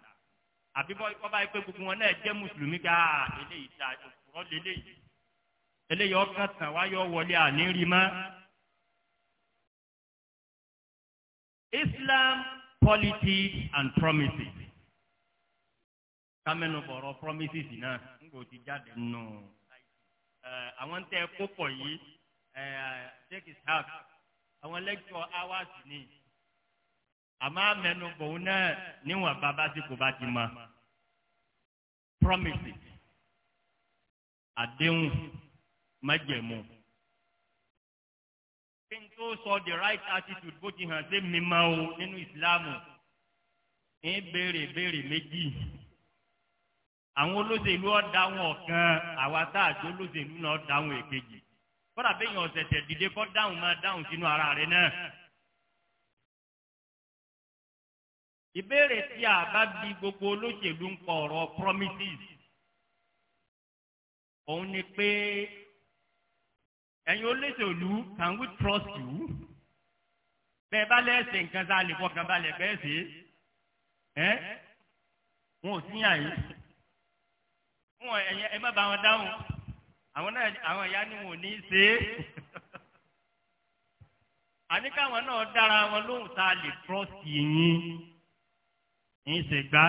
Speaker 1: àbí bó bá ipé gbogbo wọn náà jẹ́ mùsùlùmí ká ah, eléyìí ta òkúrọ́ lélẹ́yìí eléyìí ọkàn Islam politics and promises kámẹ́nu bọ̀rọ̀ promises náà ń jáde nù àwọn sheikh ishaq àwọn lẹ́kítọ̀ hours ni àmọ́ amẹnubọ̀ òun náà níwọ̀n bàbá tí kò bá ti mọ promise àdéhùn májẹ̀mú kí n tó sọ the right attitude bó ti hàn sí mi máa o nínú ìsìláàmù ń béèrè béèrè méjì àwọn olóṣèlú ọ̀dà wọn àwa tá àjọ olóṣèlú náà dáhùn èkejì kọ́dà bẹ́yìn ọ̀sẹ̀tẹ̀ dìde kọ́ dáhùn máa dáhùn sínú ara rẹ̀ náà.
Speaker 2: ìbéèrè tí a bá bi gbogbo olóṣèlú ń pa ọ̀rọ̀ promises òun ni pé
Speaker 1: ẹ̀yin olóṣèlú can we trust you? bẹ́ẹ̀ bá lẹ́sẹ̀ nǹkan tá a lè fọkàn balẹ̀ bẹ́ẹ̀ sí ẹ́ wọn ò sí àyè wọn ẹ̀yẹ ẹ má bá wọn dáhùn àwọn náà àwọn ìyá ni wọn ò ní í ṣe é àní káwọn náà dára wọn lóhùn tá a lè trọ́ọ̀sì yín ń ṣe gbá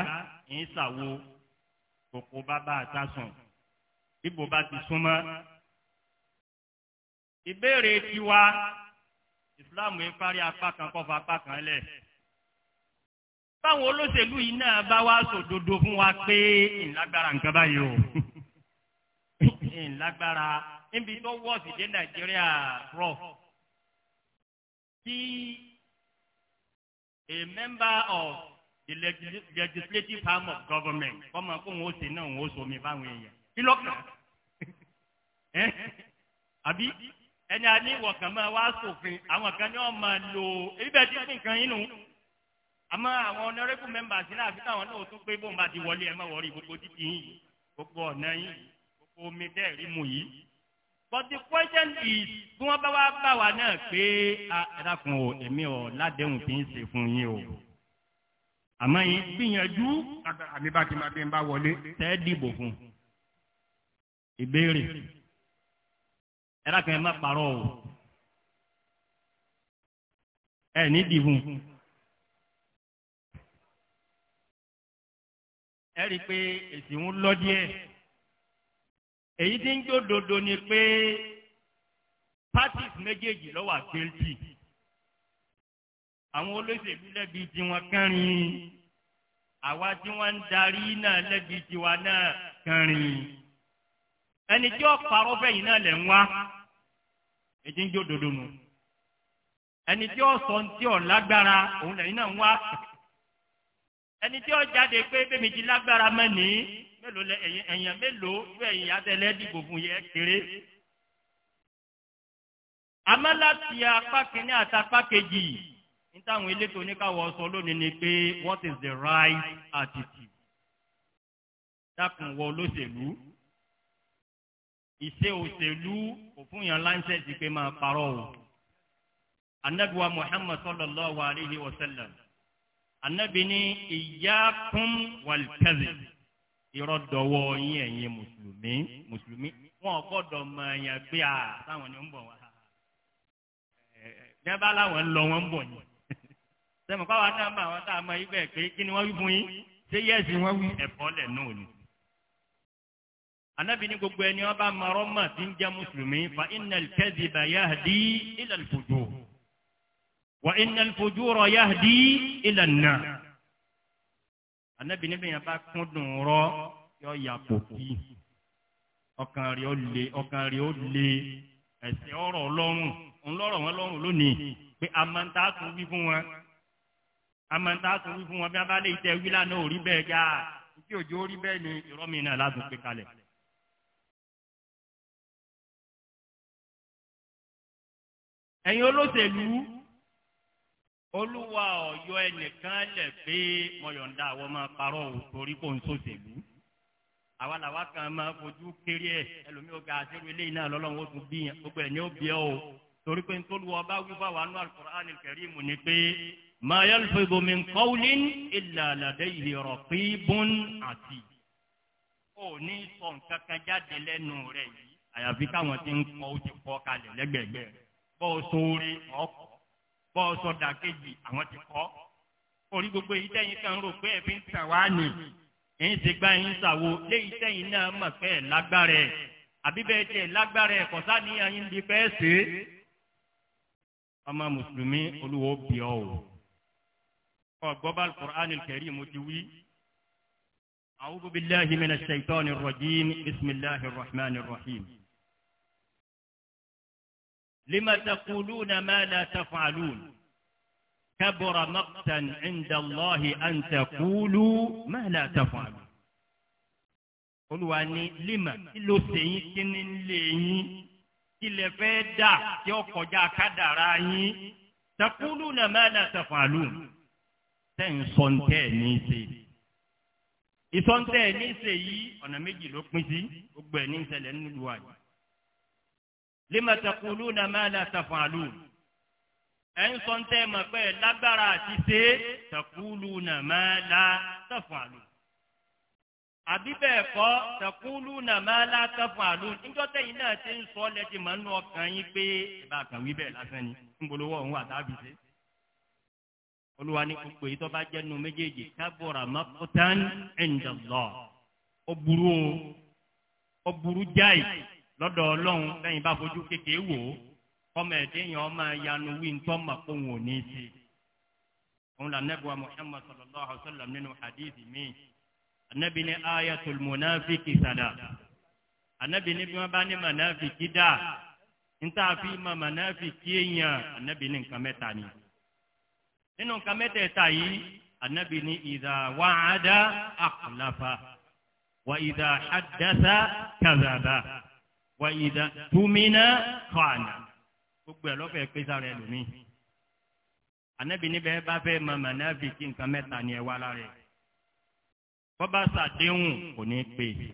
Speaker 1: ń ṣàwo kòkó bàbá àtàsùn ibo bá ti súnmọ́ ìbéèrè tiwa ìsìláàmù yìí parí apá kan kọ́ fa apá kan lẹ̀ báwọn olóṣèlú yìí náà bá wá sòdodo fún wa pé ìlágbára nǹkan báyìí o ń lágbára níbi tó wọ́ọ̀sì dé nàìjíríà prof tí a member of the legislative arm of government kọ́mọ kó wọn ó ṣe náà wọn ó sọ mi fáwọn èèyàn kí lọ́kàn àbí ẹni a ní ìwọ̀kàn máa wá sófin àwọn kan ní wọ́n máa ibẹ̀ tí kún kan inú àmọ́ àwọn honourable members náà àfi káwọn náà tún pé bóun bá ti wọlé ẹ má wọrí gbogbo títí yìí gbogbo ọ̀nà yìí omi dẹ́ẹ̀rí mu yìí. but the question is bí wọ́n bá wá bá wa náà pé ẹ dákun o èmi ò ládéhùn tí ń ṣe fún yín o. àmọ́ yín gbìyànjú àmì bá ti máa bí n bá wọlé. tẹ́ dìbò fún ìbéèrè
Speaker 2: ẹ dákun má parọ́ o ẹ ní dìbò ẹ rí i pé
Speaker 1: èsì ń lọ díẹ̀ èyí tí ń jó dodo ni pé parties méjèèjì ló wà guilty àwọn olóṣèlú lẹ́bi tiwọn kẹrin àwa tí wọ́n ń darí náà lẹ́bi tiwa náà kẹrin ẹni tí ó parọ́ fẹ̀yìn náà lẹ̀ ń wá èyí ń jó dodo nù ẹni tí ó sọ ti ọ̀ lágbára òun lẹ́yìn náà ń wá ẹni tí ó jáde pé bẹ́ẹ̀ mi ti lágbára mẹ́ni mélòó lẹ ẹ̀yìn ẹ̀yìn mélòó ju ẹ̀yìn abẹ́lẹ́ dìbò fún yẹ kéré. àmọ́ láti apá kínní àti apá kejì ní táwọn elétò oníkàwọ́ sọ lónìí ni pé what is the right attitude? dákun wọ olóṣèlú ìṣe òṣèlú kò fún yàn pé máa parọ́ o. anabiwa muhammad sallallahu alayhi wa sallam anabi ni iyyakum wal kadhib irọ́ dọwọ́ yín ẹ̀yin mùsùlùmí mùsùlùmí wọn gbọ́dọ̀ mọ ẹ̀yàn gbé à táwọn ni ó ń bọ̀ wá. ẹ̀ẹ́dẹ́gbẹ́ aláwọ̀ ń lọ wọn ń bọ̀ ni. sẹ́mi káwa náà mọ àwọn tá a mọ ibẹ̀ pé kí ni wọ́n wí fún yín ṣé yẹ́sì wọ́n wí ẹ̀fọ́ lẹ̀ náà ni. anábì ní gbogbo ẹni wọn bá mọ rọ́mà tí ń jẹ́ mùsùlùmí fa innal kadhiba anabi níbi yẹn bá kún dùn rọ yọ yà pòkì ọkàn rẹ̀ ó le ọkàn rẹ̀ ó le ẹ̀sìn ọ̀rọ̀ ọlọ́run ńlọrọ̀ wọn lọ́rùn lónìí pé amanta tún wí fún wọn amanta tún wí fún wọn bí a bá lè tẹ wílà náà ò rí bẹ́ẹ̀ já tí òjò rí bẹ́ẹ̀
Speaker 2: ni ìrọ́mì náà ládùn pé kalẹ̀. ẹ̀yin olóṣèlú olúwa
Speaker 1: ọ̀yọ́ ẹnìkan lẹ̀ pé mo yọ̀ǹda àwọn máa parọ́ òun torí kò ń sòṣèlú àwa làwa kan máa fojú kéré ẹ ẹlòmíì ọgá àṣírí eléyìí náà lọ́lọ́run ó tún bí yẹn gbogbo ẹ̀ ní ó bí o torí pé nítorí wọn bá wí fáwọn anú Al-Qur'anil Karim ni pé ma yalfidu min qawlin illa ladayhi raqibun atid ò ní sọ nǹkan kan jáde lẹ́nu rẹ̀ yìí àyàfi káwọn ti bọ́ ọ sọ̀dà kejì àwọn ti kọ́ orí gbogbo èyí tẹ́yìn kan rò pé ẹ̀fín tà wá nì ẹ̀yìn ti gba ẹ̀yìn sàwo léyìí tẹ́yìn náà mọ̀ pé ẹ̀ lágbára ẹ̀ àbí bẹ́ẹ̀ tiẹ̀ lágbára ẹ̀ kọ̀sá ní ẹ̀yìn ti fẹ́ ṣe é. ọmọ mùsùlùmí olúwo bí ọ o ọgbọ́bá alukur'an kẹrí mo ti wí. a'udhu billahi minash shaitani rrajim bismillahir rahmanir rahim lima taquluna ma la taf'alun kabura maqtan 'inda Allahi an taqulu ma la taf'alun. olùwà ni lima kí ló sèyìn kí ni ń lè yín kí lè fẹ́ dà tí ó kọjá kádàrá yín taquluna ma la taf'alun. tẹ́ ń sọ ń tẹ́ ẹ̀ ní í ṣe ìsọ̀ntẹ́ ní ṣe yìí ọ̀nà méjì ló pín sí gbogbo ẹ̀ ní ìṣẹ̀lẹ̀ nílùú àjẹ́ lima taquluna ma la taf'alun ẹ̀ ń sọ tẹ́ mọ̀ pé lágbára àti ṣe taquluna ma la taf'alun àbí bẹ́ẹ̀ kọ́ taquluna ma la taf'alun níjọ́ tẹ̀yìn náà ṣe ń sọ lẹ́tì mọ́ nínú ọkàn yín pé ìbá àkàwé bẹ́ẹ̀ lásán ni ń bolówó ọ̀hún àtàbí ṣe olúwa ní gbogbo yìí tó bá jẹ́ nu méjèèjì kábọ̀rà maqtan inda ó burú ó burú jáì lọ́dọ̀ ọlọ́run lẹ́yìn bá fojú kékeré wò ó kọ́mọ ẹ̀dẹ́yìn ọmọ yanu wí ntọ́ mà pé òun ò ní í ṣe. òun là nẹ́bùwà muhammad sallallahu alayhi wa sallam nínú hadithi mi anabi ni ayatul munafiki sada anabi ni bí wọn bá ní manafiki dá níta fi ma manafiki èèyàn anabi ni nǹkan mẹ́ta ni nínú nǹkan mẹ́tẹ̀ẹ̀ta yìí anabi ni ìdá wàhádá àkùnláfa wà ìdá àdásá kàzàbà wà ìdá túmínà kọ́ànà gbogbo ẹ̀ lọ́fẹ̀ẹ́ pé sára ẹ lómi. ànábì níbẹ̀ bá fẹ́ mọ mọ̀nàbì kí nǹkan mẹ́ta ni ẹ wá lára ẹ̀. bọ́bá sàdéhùn kò ní pè é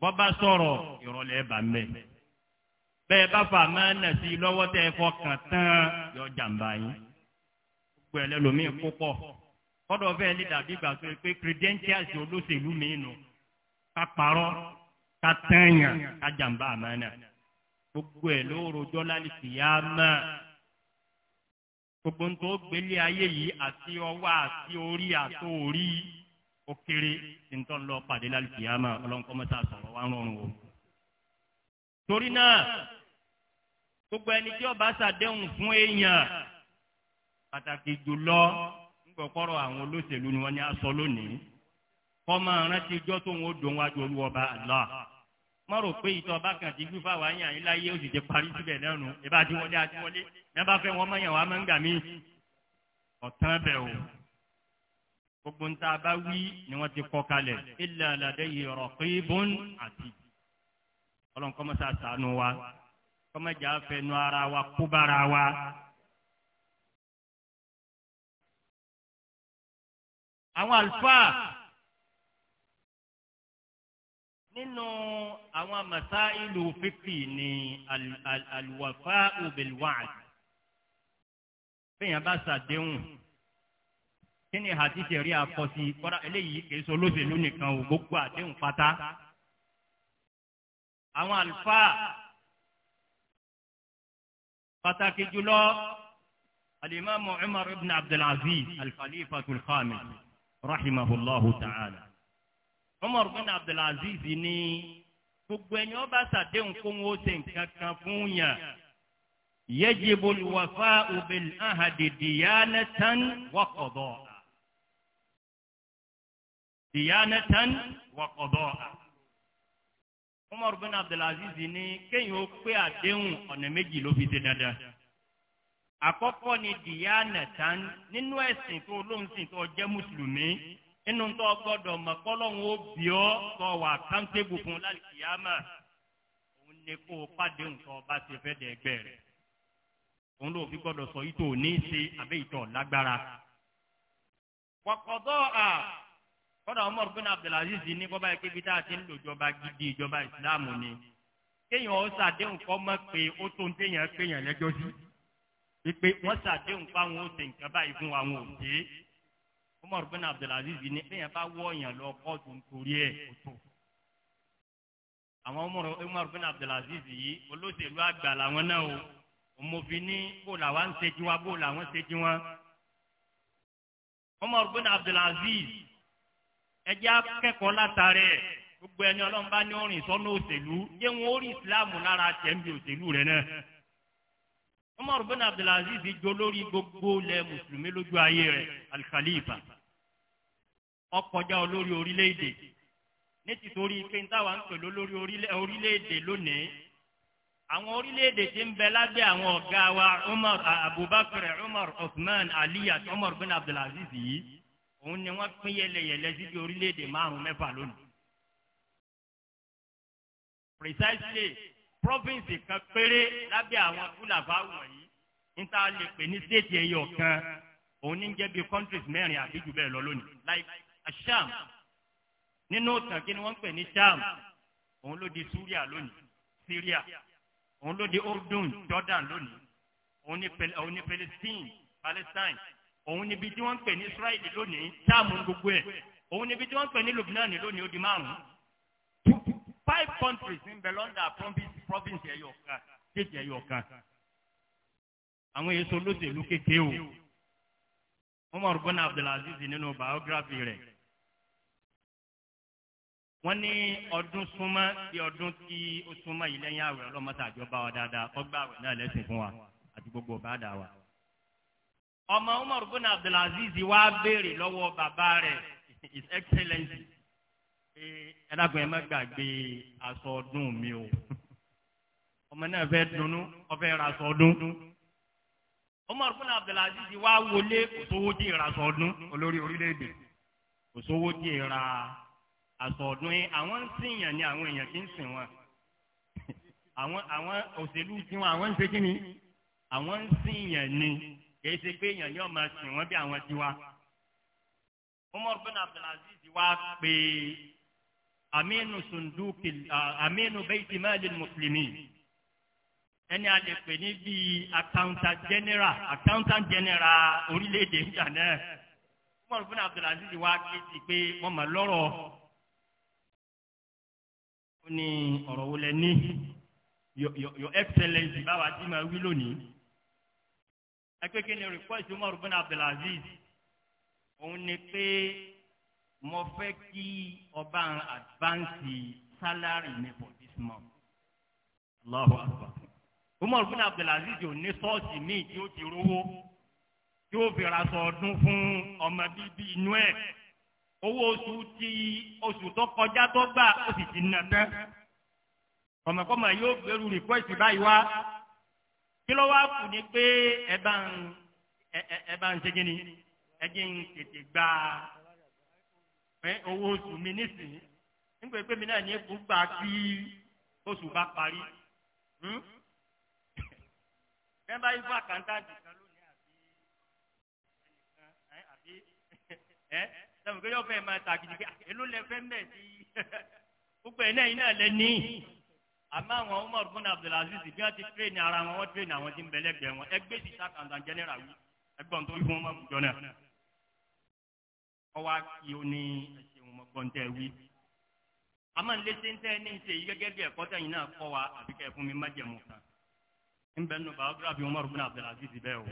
Speaker 1: bọ́bá sọ̀rọ̀ ìrọ̀lẹ́ bá ń bẹ̀. bẹ́ẹ̀ bá fà máa nà sí i lọ́wọ́ tẹ́ ẹ fọkàn tán yọ jàǹbá yín. gbogbo ẹ̀ lẹ́lòmíì kó kọ́dọ̀ fẹ́ẹ́ lè dàbí ìgbà pé credentials olóṣèlú mi nù ká parọ́ katanya kajamba amana gbogbo ẹ lóòrojọ lálìsí yá mọ gbogbo ń tó gbélé ayé yìí àti ọwọ́ àti orí àti orí ó kéré tí ń tọ́ lọ pàdé lálìsí yá mọ ọlọ́nkọ́ mọ́ta sọ̀rọ̀ wá rọrùn o. torí náà gbogbo ẹni tí ọba ṣàdéhùn fún èèyàn pàtàkì jùlọ ńgbọ̀kọ́rọ̀ àwọn olóṣèlú ni wọ́n ní aṣọ lónìí kọ́ máa rántí ijọ́ tó ń wọ́n dùn wájú olúwọba Allah má rò pé ìtọ́ bá kàn ti gbúfà wá yàn yín láyé ó sì ti parí síbẹ̀ náà ìbá ti wọlé àti bá fẹ́ wọn mọ̀ yàn wá máa ń gà mí ọ̀tán bẹ̀ o gbogbo ń tá bá wí ni wọ́n ti kọ́ kalẹ̀ illa ladayhi raqibun àti ọlọ́run kọ́ mọ́sá sànù wa kọ́ mọ́jà fẹnu ara wa kó bára wa.
Speaker 2: àwọn àlùfáà
Speaker 1: nínú àwọn masailu fíkì ni alwafa'u bil wa'd fẹ́yìn bá ṣàdéhùn kí ni hadithi rí àkọsí kọ́ra eléyìí kì í sọ olóṣèlú nìkan ò gbogbo àdéhùn pátá àwọn àlùfáà pàtàkì jùlọ alimami Umar ibn Abdulaziz alkhalifatul khamis rahimahullahu ta'ala. Umar bin Abdulaziz ní gbogbo ẹni ọba sàdéhùn kó wọn ó ṣe nǹkan kan fún yàn yajibu al-wafa'u bil-ahdi diyanatan wa qada'a diyanatan wa qada'a. Umar bin Abdulaziz ní kéèyàn ó pé àdéhùn ọ̀nà méjì ló fi ṣe dandan àkọ́kọ́ ni diyanatan nínú ẹ̀sìn tó olóhùn sìn tó jẹ́ mùsùlùmí inú tó gbọ́dọ̀ mọ̀ kọ́lọ́hún ó bì ọ́ tó wà káńtébù fún lálìkìyàmà òun ni kó o pàdé nǹkan ọba ṣe fẹ́ dẹ̀ ẹgbẹ́ rẹ̀ òun ló fi gbọ́dọ̀ sọ ìtò ní í ṣe àbẹ́ ìtọ̀ lágbára. wàkọ̀dọ́ à kọ́dà Umar bin Abdulaziz ní bọ́bá yẹ kébi tá a ti ń lò jọba gidi ìjọba ìsìláàmù ni kéèyàn ó ṣàdéhùn kọ́ mọ́ pé ó tó ń téèyàn péèyàn lẹ́jọ́ sí wípé wọ́n ṣàdéhùn fáwọn ó ṣe nǹkan báyìí fún àwọn òṣèré Umar bin Abdulaziz ni bẹ́ẹ̀ bá wọ̀nyàn lọ kóòtù nítorí ẹ̀ kò tó. àwọn Umar bin Abdulaziz yìí olóṣèlú àgbà làwọn náà o òmòfin ní kó làwọn ń ṣejú wa bó làwọn ń ṣejú wọn. Umar bin Abdulaziz ẹjẹ́ akẹ́kọ̀ọ́ látàrí ẹ̀ gbogbo ẹni ọlọ́run bá ní orin sọ́nà òṣèlú jẹ́ wọn ó rí ìsìláàmù lára tẹ̀ ń bi òṣèlú rẹ̀ náà umar bin abdulaziz jọ lórí gbogbo ilẹ̀ mùsùlùmí lójú ayé rẹ̀ alikalifa ọkọjá olórí orílẹ̀-èdè ní tìtorí pé n táwa ń pèlú olórí orílẹ̀-èdè lónìí àwọn orílẹ̀-èdè tí ń bẹ lábẹ́ àwọn ọ̀gá wa umar abubakar umar usman ali àti umar bin abdulaziz yìí òun ni wọ́n pín yẹlẹyẹlẹ síbi orílẹ̀-èdè márùn-ún mẹ́fà lónìí precisely province kan péré lábẹ́ àwọn kúlàfà wọ̀nyí níta lè pè ní state ẹyọ kan òun ní jẹ́ bíi countries mẹ́rin àbí jù bẹ́ẹ̀ lọ lónìí like asham nínú ìtàn kí ni wọ́n ń pè ní Sham òun ló di Syria lónìí Syria òun ló di Urdun Jordan lónìí òun ni òun Palestine Palestine òun níbi tí wọ́n ń pè ní Israeli lónìí Sham gbogbo ẹ̀ òun níbi tí wọ́n ń pè ní Lebanon lónìí ó di márùn-ún five countries ń bẹ lọ́ndà province province ẹ̀yọ̀ kan state ẹ̀yọ̀ kan àwọn èso olóṣèlú kékeré o Umar bin Abdulaziz nínú biography rẹ̀ wọ́n ní ọdún súnmọ́ bí ọdún tí ó súnmọ́ yìí lẹ́yìn àwẹ̀ ọlọ́mọta àjọba wa dáadáa ọgbà àwẹ̀ náà lẹ́sìn fún wa àti gbogbo ọba àdá wa. ọmọ Umar bin Abdulaziz wá béèrè lọ́wọ́ bàbá rẹ̀ his excellence ẹ ẹ dàgbọ́n ẹ má gbàgbé aṣọ ọdún mi o ọmọ náà fẹ́ dunnú ọfẹ́ ìrasọ ọdún Umar bin Abdulaziz wá wọlé kò sówó tí ìrasọ ọdún olórí orílẹ̀-èdè kò sówó tí ìra asọ ọdún yìí àwọn ń sìn yàn ni àwọn èèyàn ti ń sìn wọn àwọn àwọn òṣèlú tiwọn àwọn ń ṣe kí ni àwọn ń sìn yàn ni kìí ṣe pé èèyàn yóò máa sìn wọn bí àwọn tiwa Umar bin Abdulaziz wá pé aminu sunduki aminu baiti mali muslimin ẹni a lè pè ní bíi accountant general accountant general orílẹ̀-èdè nígbà náà umar bin abdulaziz wa kéde pé wọ́n mọ̀ lọ́rọ̀ ó ní ọ̀rọ̀ wo lẹ ní your your your excellence báwa ti máa wí lónìí ẹgbẹ́ kí ni request umar bin abdulaziz òun ni pé mo fẹ́ kí ọba advance salary mi for this month allahu akbar umar bin abdulaziz ò ní sọ́ọ̀sì míì tí ó ti rówó tí ó fi raṣọ ọdún fún ọmọ bíbí inú ẹ̀ owó oṣù tí oṣù tó kọjá tó gbà ó sì ti nà tẹ́ kọ̀mọ̀kọ́mọ̀ yóò gbèrú rìpọ́ìtì báyìí wá kí ló wá kù ní pé ẹ bá ń ẹ bá ń ṣe kí ni ẹ jẹ́ ń tètè gba owó oṣù mi nísìnyí nígbà pé mi náà ní egbò gbà kí oṣù bá parí. Hmm? ẹ bá ifá kàńtàǹtì kan lónìí àbí ẹ sọmọ pé yóò fẹ́ máa tàgìdì pé ah, èló lẹ fẹ́ mẹ́ sí gbogbo ẹ̀ náà iná lẹ ní àmọ́ àwọn Umar bin Abdulaziz bí wọ́n ti tírèèni ara wọn wọ́n tírèèni àwọn tí ń bẹ̀lẹ̀ gbẹ̀ wọn ẹgbẹ́ ti sá kàńtà jẹ́nẹ́ra wí ẹgbọ́n tó fún wọn jọ náà ọwọ́ kí o ní ẹ̀sìn wọn gbọ́ntẹ́ wí àmọ́ ń lé séńtẹ́ ní ìṣe yìí gẹ́gẹ́ bí ẹ̀kọ́ tẹ̀yìn náà ń bẹ nínú biography Umar Abdulaziz bẹ́ẹ̀ o.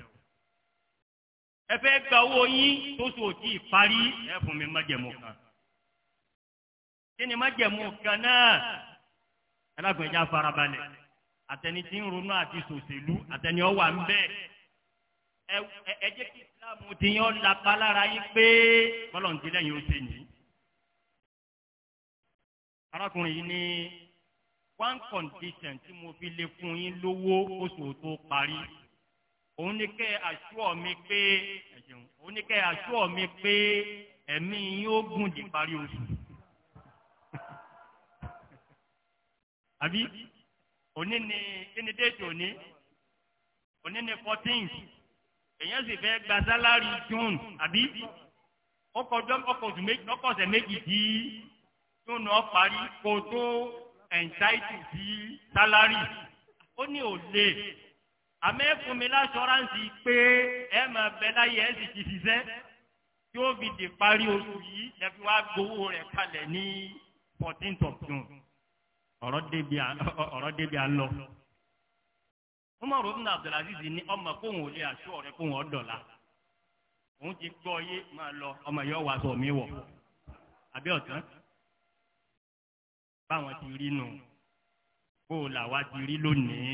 Speaker 1: ẹ fẹ́ gba owó yín tó so tí ì parí ẹ fún mi májẹ̀mú kan. kí ni májẹ̀mú kan náà alágbèjà farabalẹ̀ àtẹni tí ń ronú àti sòṣèlú àtẹni ọwà ń bẹ ẹ ẹ jẹ́ kí Islam ti yàn lápá lára yín pé bọ́lọ̀ ń tilẹ̀ yín ó ṣe nìyí. arákùnrin yìí ní one condition tí mo fi lè fún yín lówó oṣù tó parí òun ni kẹ́ àṣùọ̀ mi pé ẹ̀jẹ̀un òun ni kẹ́ àṣùọ̀ mi pé ẹ̀mí yín ó gùn di parí oṣù. àbí òní ni kíni déètì òní òní ni fourteen èèyàn sì fẹ́ gba sálárì june àbí ọkọ̀ ọdún ọkọ̀ oṣù méjì ọkọ̀ ọ̀sẹ̀ méjì dí june ó parí kó tó ẹ̀ǹtáìtì sí sálárì ó ní òde àmẹ́fún mi láṣọ́ráǹsì pé ẹ máa bẹ láyé ẹ sì ti ṣiṣẹ́ tí ó fi dè parí oṣù yìí ẹ fi wá gbowó rẹ̀ kalẹ̀ ní fourteenth of June ọ̀rọ̀ débi à ń lọ. Umar ibn Abdulaziz ní ọmọ kóhùn olè àṣọ rẹ̀ kóhùn ọ̀dọ̀la. Òun ti gbọ́ yé máa lọ ọmọ yóò wá sọ mi wọ̀. Abẹ́ ọ̀tán báwọn ti rí nù bó o là wá ti rí lónìí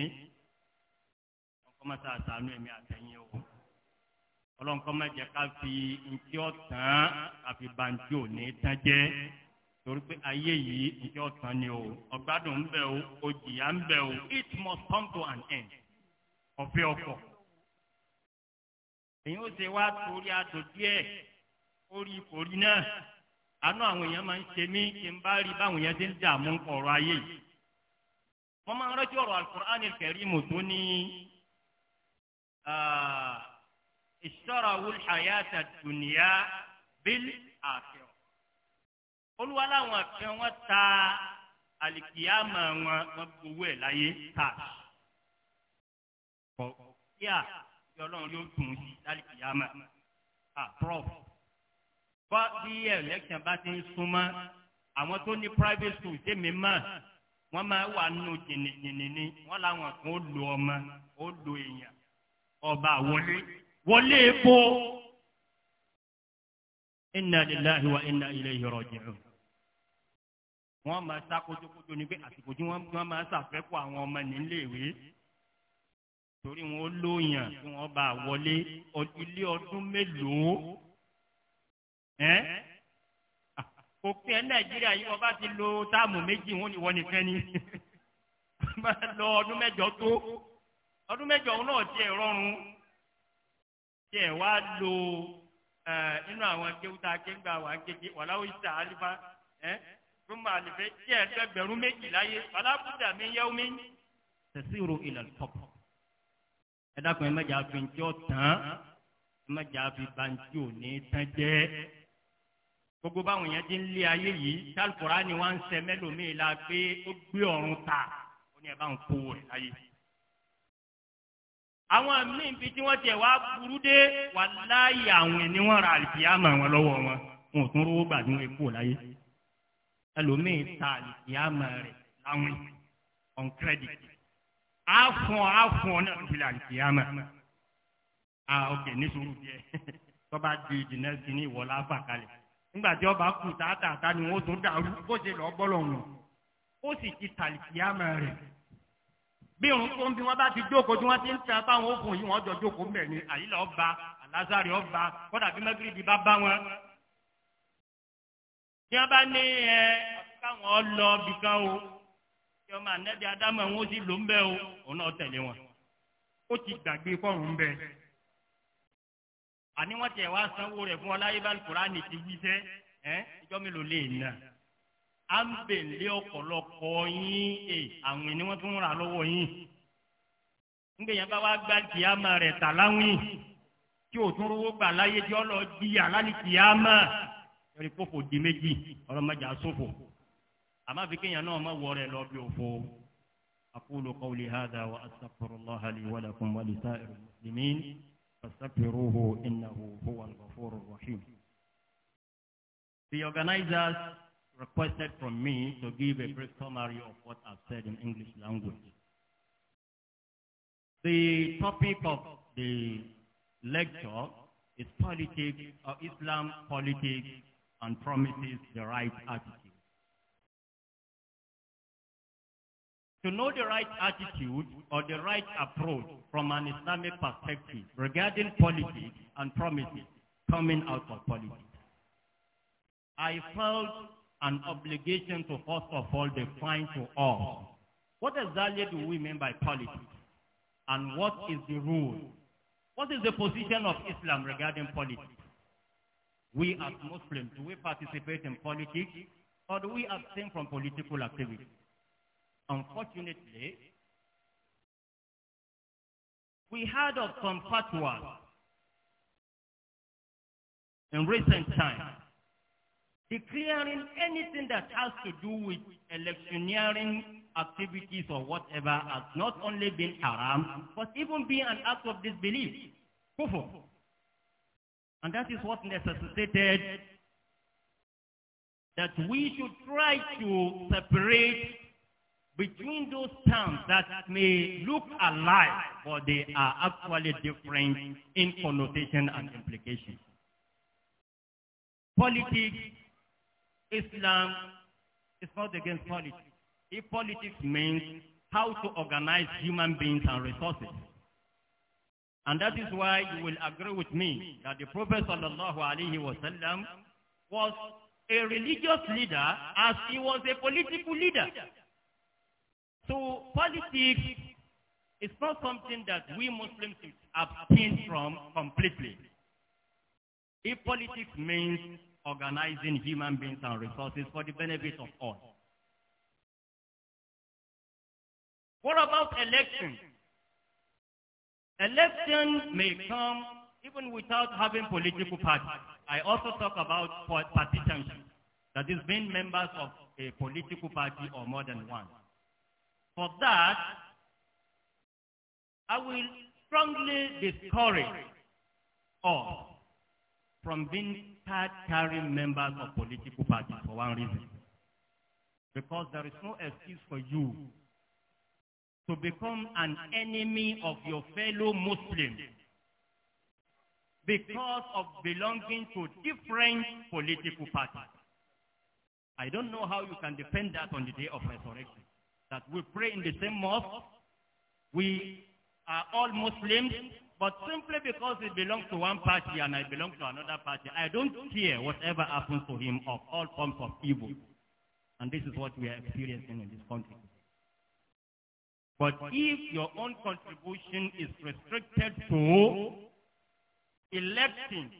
Speaker 1: ọkọ̀mọ́sá àtàánú ẹ̀mí àtẹ̀yìn o ọlọ́nkọ́mọ́jẹ ká fi ntí ọ̀tán àfi bàǹtí òní tán jẹ́ torí pé ayé yìí ntí ọ̀tán ni o ọ̀gbádùn ń bẹ o òjìyà ń bẹ o it must come to an end ọ̀fẹ́ ọkọ̀ èyí ó ṣe wá torí adò díẹ̀ ó rí ipò náà àánú àwọn èèyàn máa ń ṣe mí kí n bá rí báwọn èèyàn ti ń dààmú ọ̀rọ̀ ayé yìí. wọ́n máa ń rántí ọ̀rọ̀ alukur'an kẹrìm tó ní ìṣọ́ra wul hayata dunya bil akhirah. olúwa láwọn kan wọ́n ta alikiyama wọn wọ́n gbowó ẹ̀ láyé cash. kọ̀ kíá yọlọ́run yóò dùn sí alikiyama. ah bá bí election bá ti ń súnmọ́ àwọn tó ní private school tèmi mọ̀ wọ́n máa wà nù jìnnìjìnnì ni wọ́n làwọn kan ó lo ọmọ ó lo èèyàn ọba wọlé
Speaker 3: wọlé epo.
Speaker 1: inna lillahi wa inna ilayhi raji'un wọ́n máa sá kójókójó ni pé àsìkò tí wọ́n máa ṣàfẹ́kù àwọn ọmọ níléèwé torí wọn ó lóyàn tí wọ́n bá wọlé ilé ọdún mélòó òpin ẹ nàìjíríà yìí bá ti lo táàmù méjì wọ́n ní wọ́n nìkan ni lọ ọdún mẹjọ tó ọdún mẹjọ náà tiẹ̀ rọrùn tiẹ̀ wá lo inú àwọn akéwúta akéńgbà wà kéke wàláwó ìta àlìfá rúmọ àlìfẹ méjì láyé mi mi ìlànà ń tí ọ̀ tán tí ò ní tán gbogbo báwọn yẹn ti ń lé ayé yìí tálùkùrá ni wọ́n ń sẹ mẹ́lòmíì la pé ó gbé ọ̀run ta ó ní ẹ bá ń kó rẹ̀ láyé. àwọn míì fi tí wọ́n tiẹ̀ wá burú dé wà láàyè àwọn ẹni wọ́n ra àlìkìyàmà wọn lọ́wọ́ wọn wọn ò tún rówó gbà nínú epo láyé. ẹlòmíì ta àlìkìyàmà rẹ̀ láwìn on credit. àfọ̀n àfọ̀n náà fi là àlìkìyàmà. ah ok ní sùúrù díẹ̀ tọ́ba di the next guinea wọlé afa kalẹ̀ ńgbàjọ́ bá kù tààtàtà ni wọ́n tún dàrú bó ṣe lọ́ọ́ gbọ́lọ̀ wọn ó sì ti tàlìkìyàmọ̀ rẹ̀ bí òun tó ń bí wọn bá ti jókòó tí wọn ti ń tẹ báwọn òkun yìí wọn jọ jókòó mbẹ ni àyílẹ ọba alazari ọba kódà bí mẹgìrìdì bá bá wọn. tí wọn bá ní ẹ káwọn lọ bìkan o tí ọmọ anẹbi adamu ẹ wọn ó sì lò ń bẹ o òun náà tẹ̀lé wọn ó ti gbàgbé fọrùn ń bẹ. a wọ́n tiẹ̀ wá sanwó rẹ fún ọláyé bá alukurani ti jíṣẹ́ ìjọ lè nà á ń bè lé yín ẹ̀ àwìn ni wọ́n tún ra lọ́wọ́ yín ńgbè yẹn bá wá gbá kìámà rẹ̀ tà láwìn tí tún rówó gbà láyé tí ọlọ́ di àlálì kìámà di méjì náà má wọ lọ bí òfò. فاستغفروه إنه هو الغفور الرحيم The organizers requested from me to give a brief summary of what I've said in English language. The topic of the lecture is politics, or uh, Islam politics and promises the right attitude. To know the right attitude or the right approach from an Islamic perspective regarding politics and promises coming out of politics. I felt an obligation to first of all define to all: what exactly do we mean by politics and what is the rule? What is the position of Islam regarding politics? We as Muslims, do we participate in politics or do we abstain from political activity? Unfortunately,
Speaker 2: we heard of some fatwas
Speaker 1: in recent times declaring anything that has to do with electioneering activities or whatever has not only been haram, but even being an act of disbelief. And that is what necessitated that we should try to separate between those terms that may look alike, but they are actually different in connotation and implication. Politics, Islam is not against politics. If politics means how to organize human beings and resources. And that is why you will agree with me that the Prophet sallallahu alaihi wasallam was a religious leader as he was a political leader. So politics is not something that we Muslims abstain from completely. If politics means organizing human beings and resources for the benefit of all. What about elections? Elections may come even without having political parties. I also talk about partisanship, that is being members of a political party or more than one. For that, I will strongly discourage all from being card-carrying members of political parties for one reason. Because there is no excuse for you to become an enemy of your fellow Muslims because of belonging to different political parties. I don't know how you can defend that on the day of resurrection that we pray in the same mosque, we are all Muslims, but simply because he belongs to one party and I belong to another party, I don't care whatever happens to him of all forms of evil. And this is what we are experiencing in this country. But if your own contribution is restricted to electing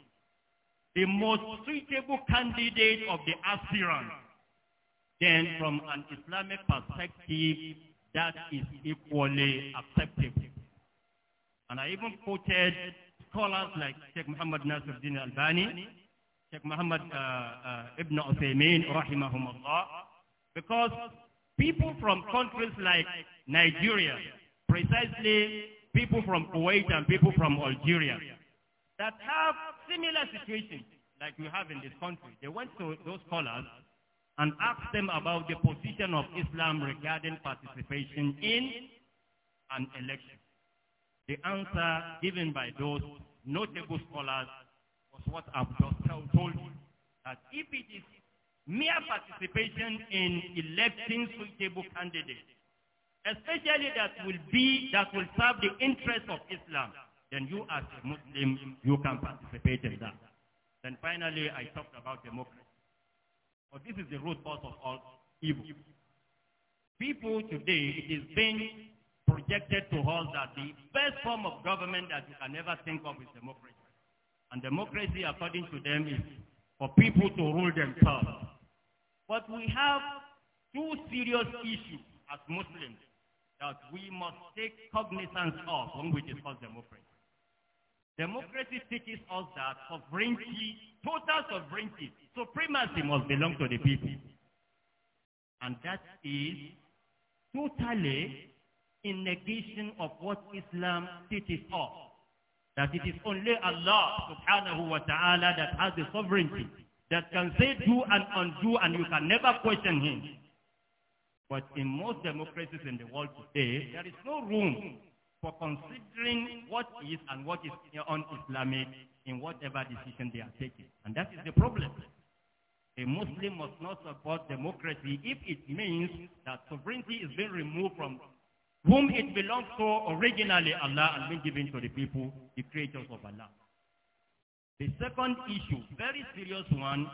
Speaker 1: the most suitable candidate of the aspirant, then from an Islamic perspective, that is equally acceptable. And I even quoted scholars like Sheikh Muhammad Nasruddin Albani, Sheikh Muhammad uh, uh, Ibn Uthaymeen, rahimahumullah, because people from countries like Nigeria, precisely people from Kuwait and people from Algeria, that have similar situations like we have in this country, they went to those scholars and ask them about the position of Islam regarding participation in an election. The answer given by those notable scholars was what I've just told you, that if it is mere participation in electing suitable candidates, especially that will be, that will serve the interests of Islam, then you as a Muslim, you can participate in that. Then finally, I talked about democracy. But this is the root cause of all evil. People today, it is being projected to us that the best form of government that you can ever think of is democracy. And democracy, according to them, is for people to rule themselves. But we have two serious issues as Muslims that we must take cognizance of when we discuss democracy. Democracy teaches us that sovereignty, total sovereignty, supremacy must belong to the people. And that is totally in negation of what Islam teaches us. That it is only Allah subhanahu wa ta'ala that has the sovereignty, that can say do and undo and you can never question him. But in most democracies in the world today, there is
Speaker 3: no room
Speaker 1: for considering what is and what is un-Islamic in whatever decision they are taking. And that is the problem. A Muslim must not support democracy if it means that sovereignty is being removed from whom it belongs to originally, Allah, and being given to the people, the creators of Allah. The second issue, very serious one,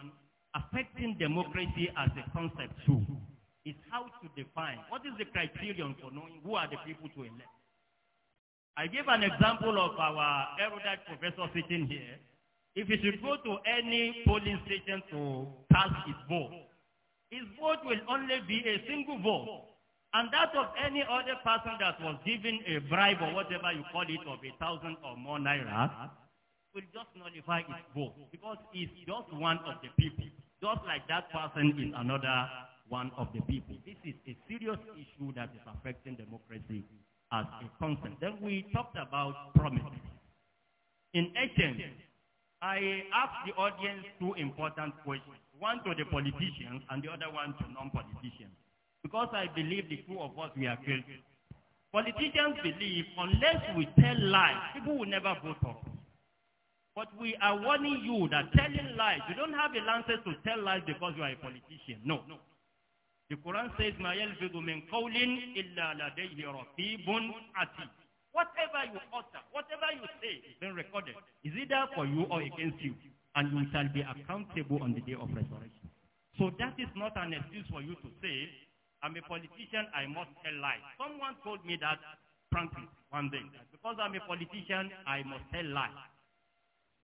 Speaker 1: affecting democracy as a concept too, is how to define, what is the criterion for knowing who are the people to elect? I give an example of our erudite professor sitting here. If he should go to any polling station to cast his vote, his vote will only be a single vote. And that of any other person that was given a bribe or whatever you call it of a thousand or more naira will just nullify his vote because he's just one of the people. Just like that person is another one of the people. This is a serious issue that is affecting democracy as a consent. Then we talked about promise. In essence, I asked the audience two important questions, one to the politicians and the other one to non-politicians, because I believe the two of us, we are guilty. Politicians believe unless we tell lies, people will never vote for us. But we are warning you that telling lies, you don't have the license to tell lies because you are a politician. No, no. The Quran says, مَا يَلْفِظُ مِنْ قَوْلٍ إِلَّا لَدَيْهِ رَقِيبٌ Whatever you utter, whatever you say is being recorded. Is either for you or against you. And you shall be accountable on the day of resurrection. So that is not an excuse for you to say, I'm a politician, I must tell lies. Someone told me that frankly one day. Because I'm a politician, I must tell lies.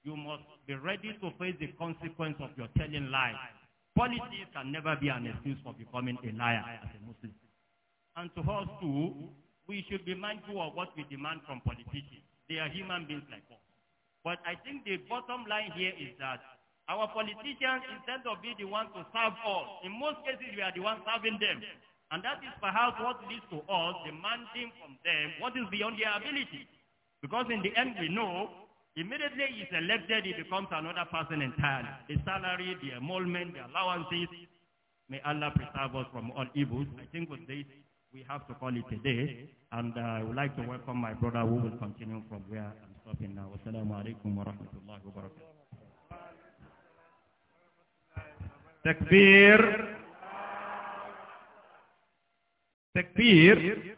Speaker 1: You must be ready to face the consequence of your telling lies. Politics can never be an excuse for becoming a liar as a Muslim. And to us too, we should be mindful of what we demand from politicians. They are human beings like us. But I think the bottom line here is that our politicians, instead of being the ones to serve us, in most cases we are the ones serving them. And that is perhaps what leads to us demanding from them what is beyond their ability. Because in the end we know Immediately he's elected, he becomes another person entirely. The salary, the emolument, the allowances. May Allah preserve us from all evils. I think with this, we have to call it a day. And uh, I would like to welcome my brother who will continue from where I'm stopping now. Wassalamu alaikum wa rahmatullahi wa barakatuh. Takbir.
Speaker 2: Takbir.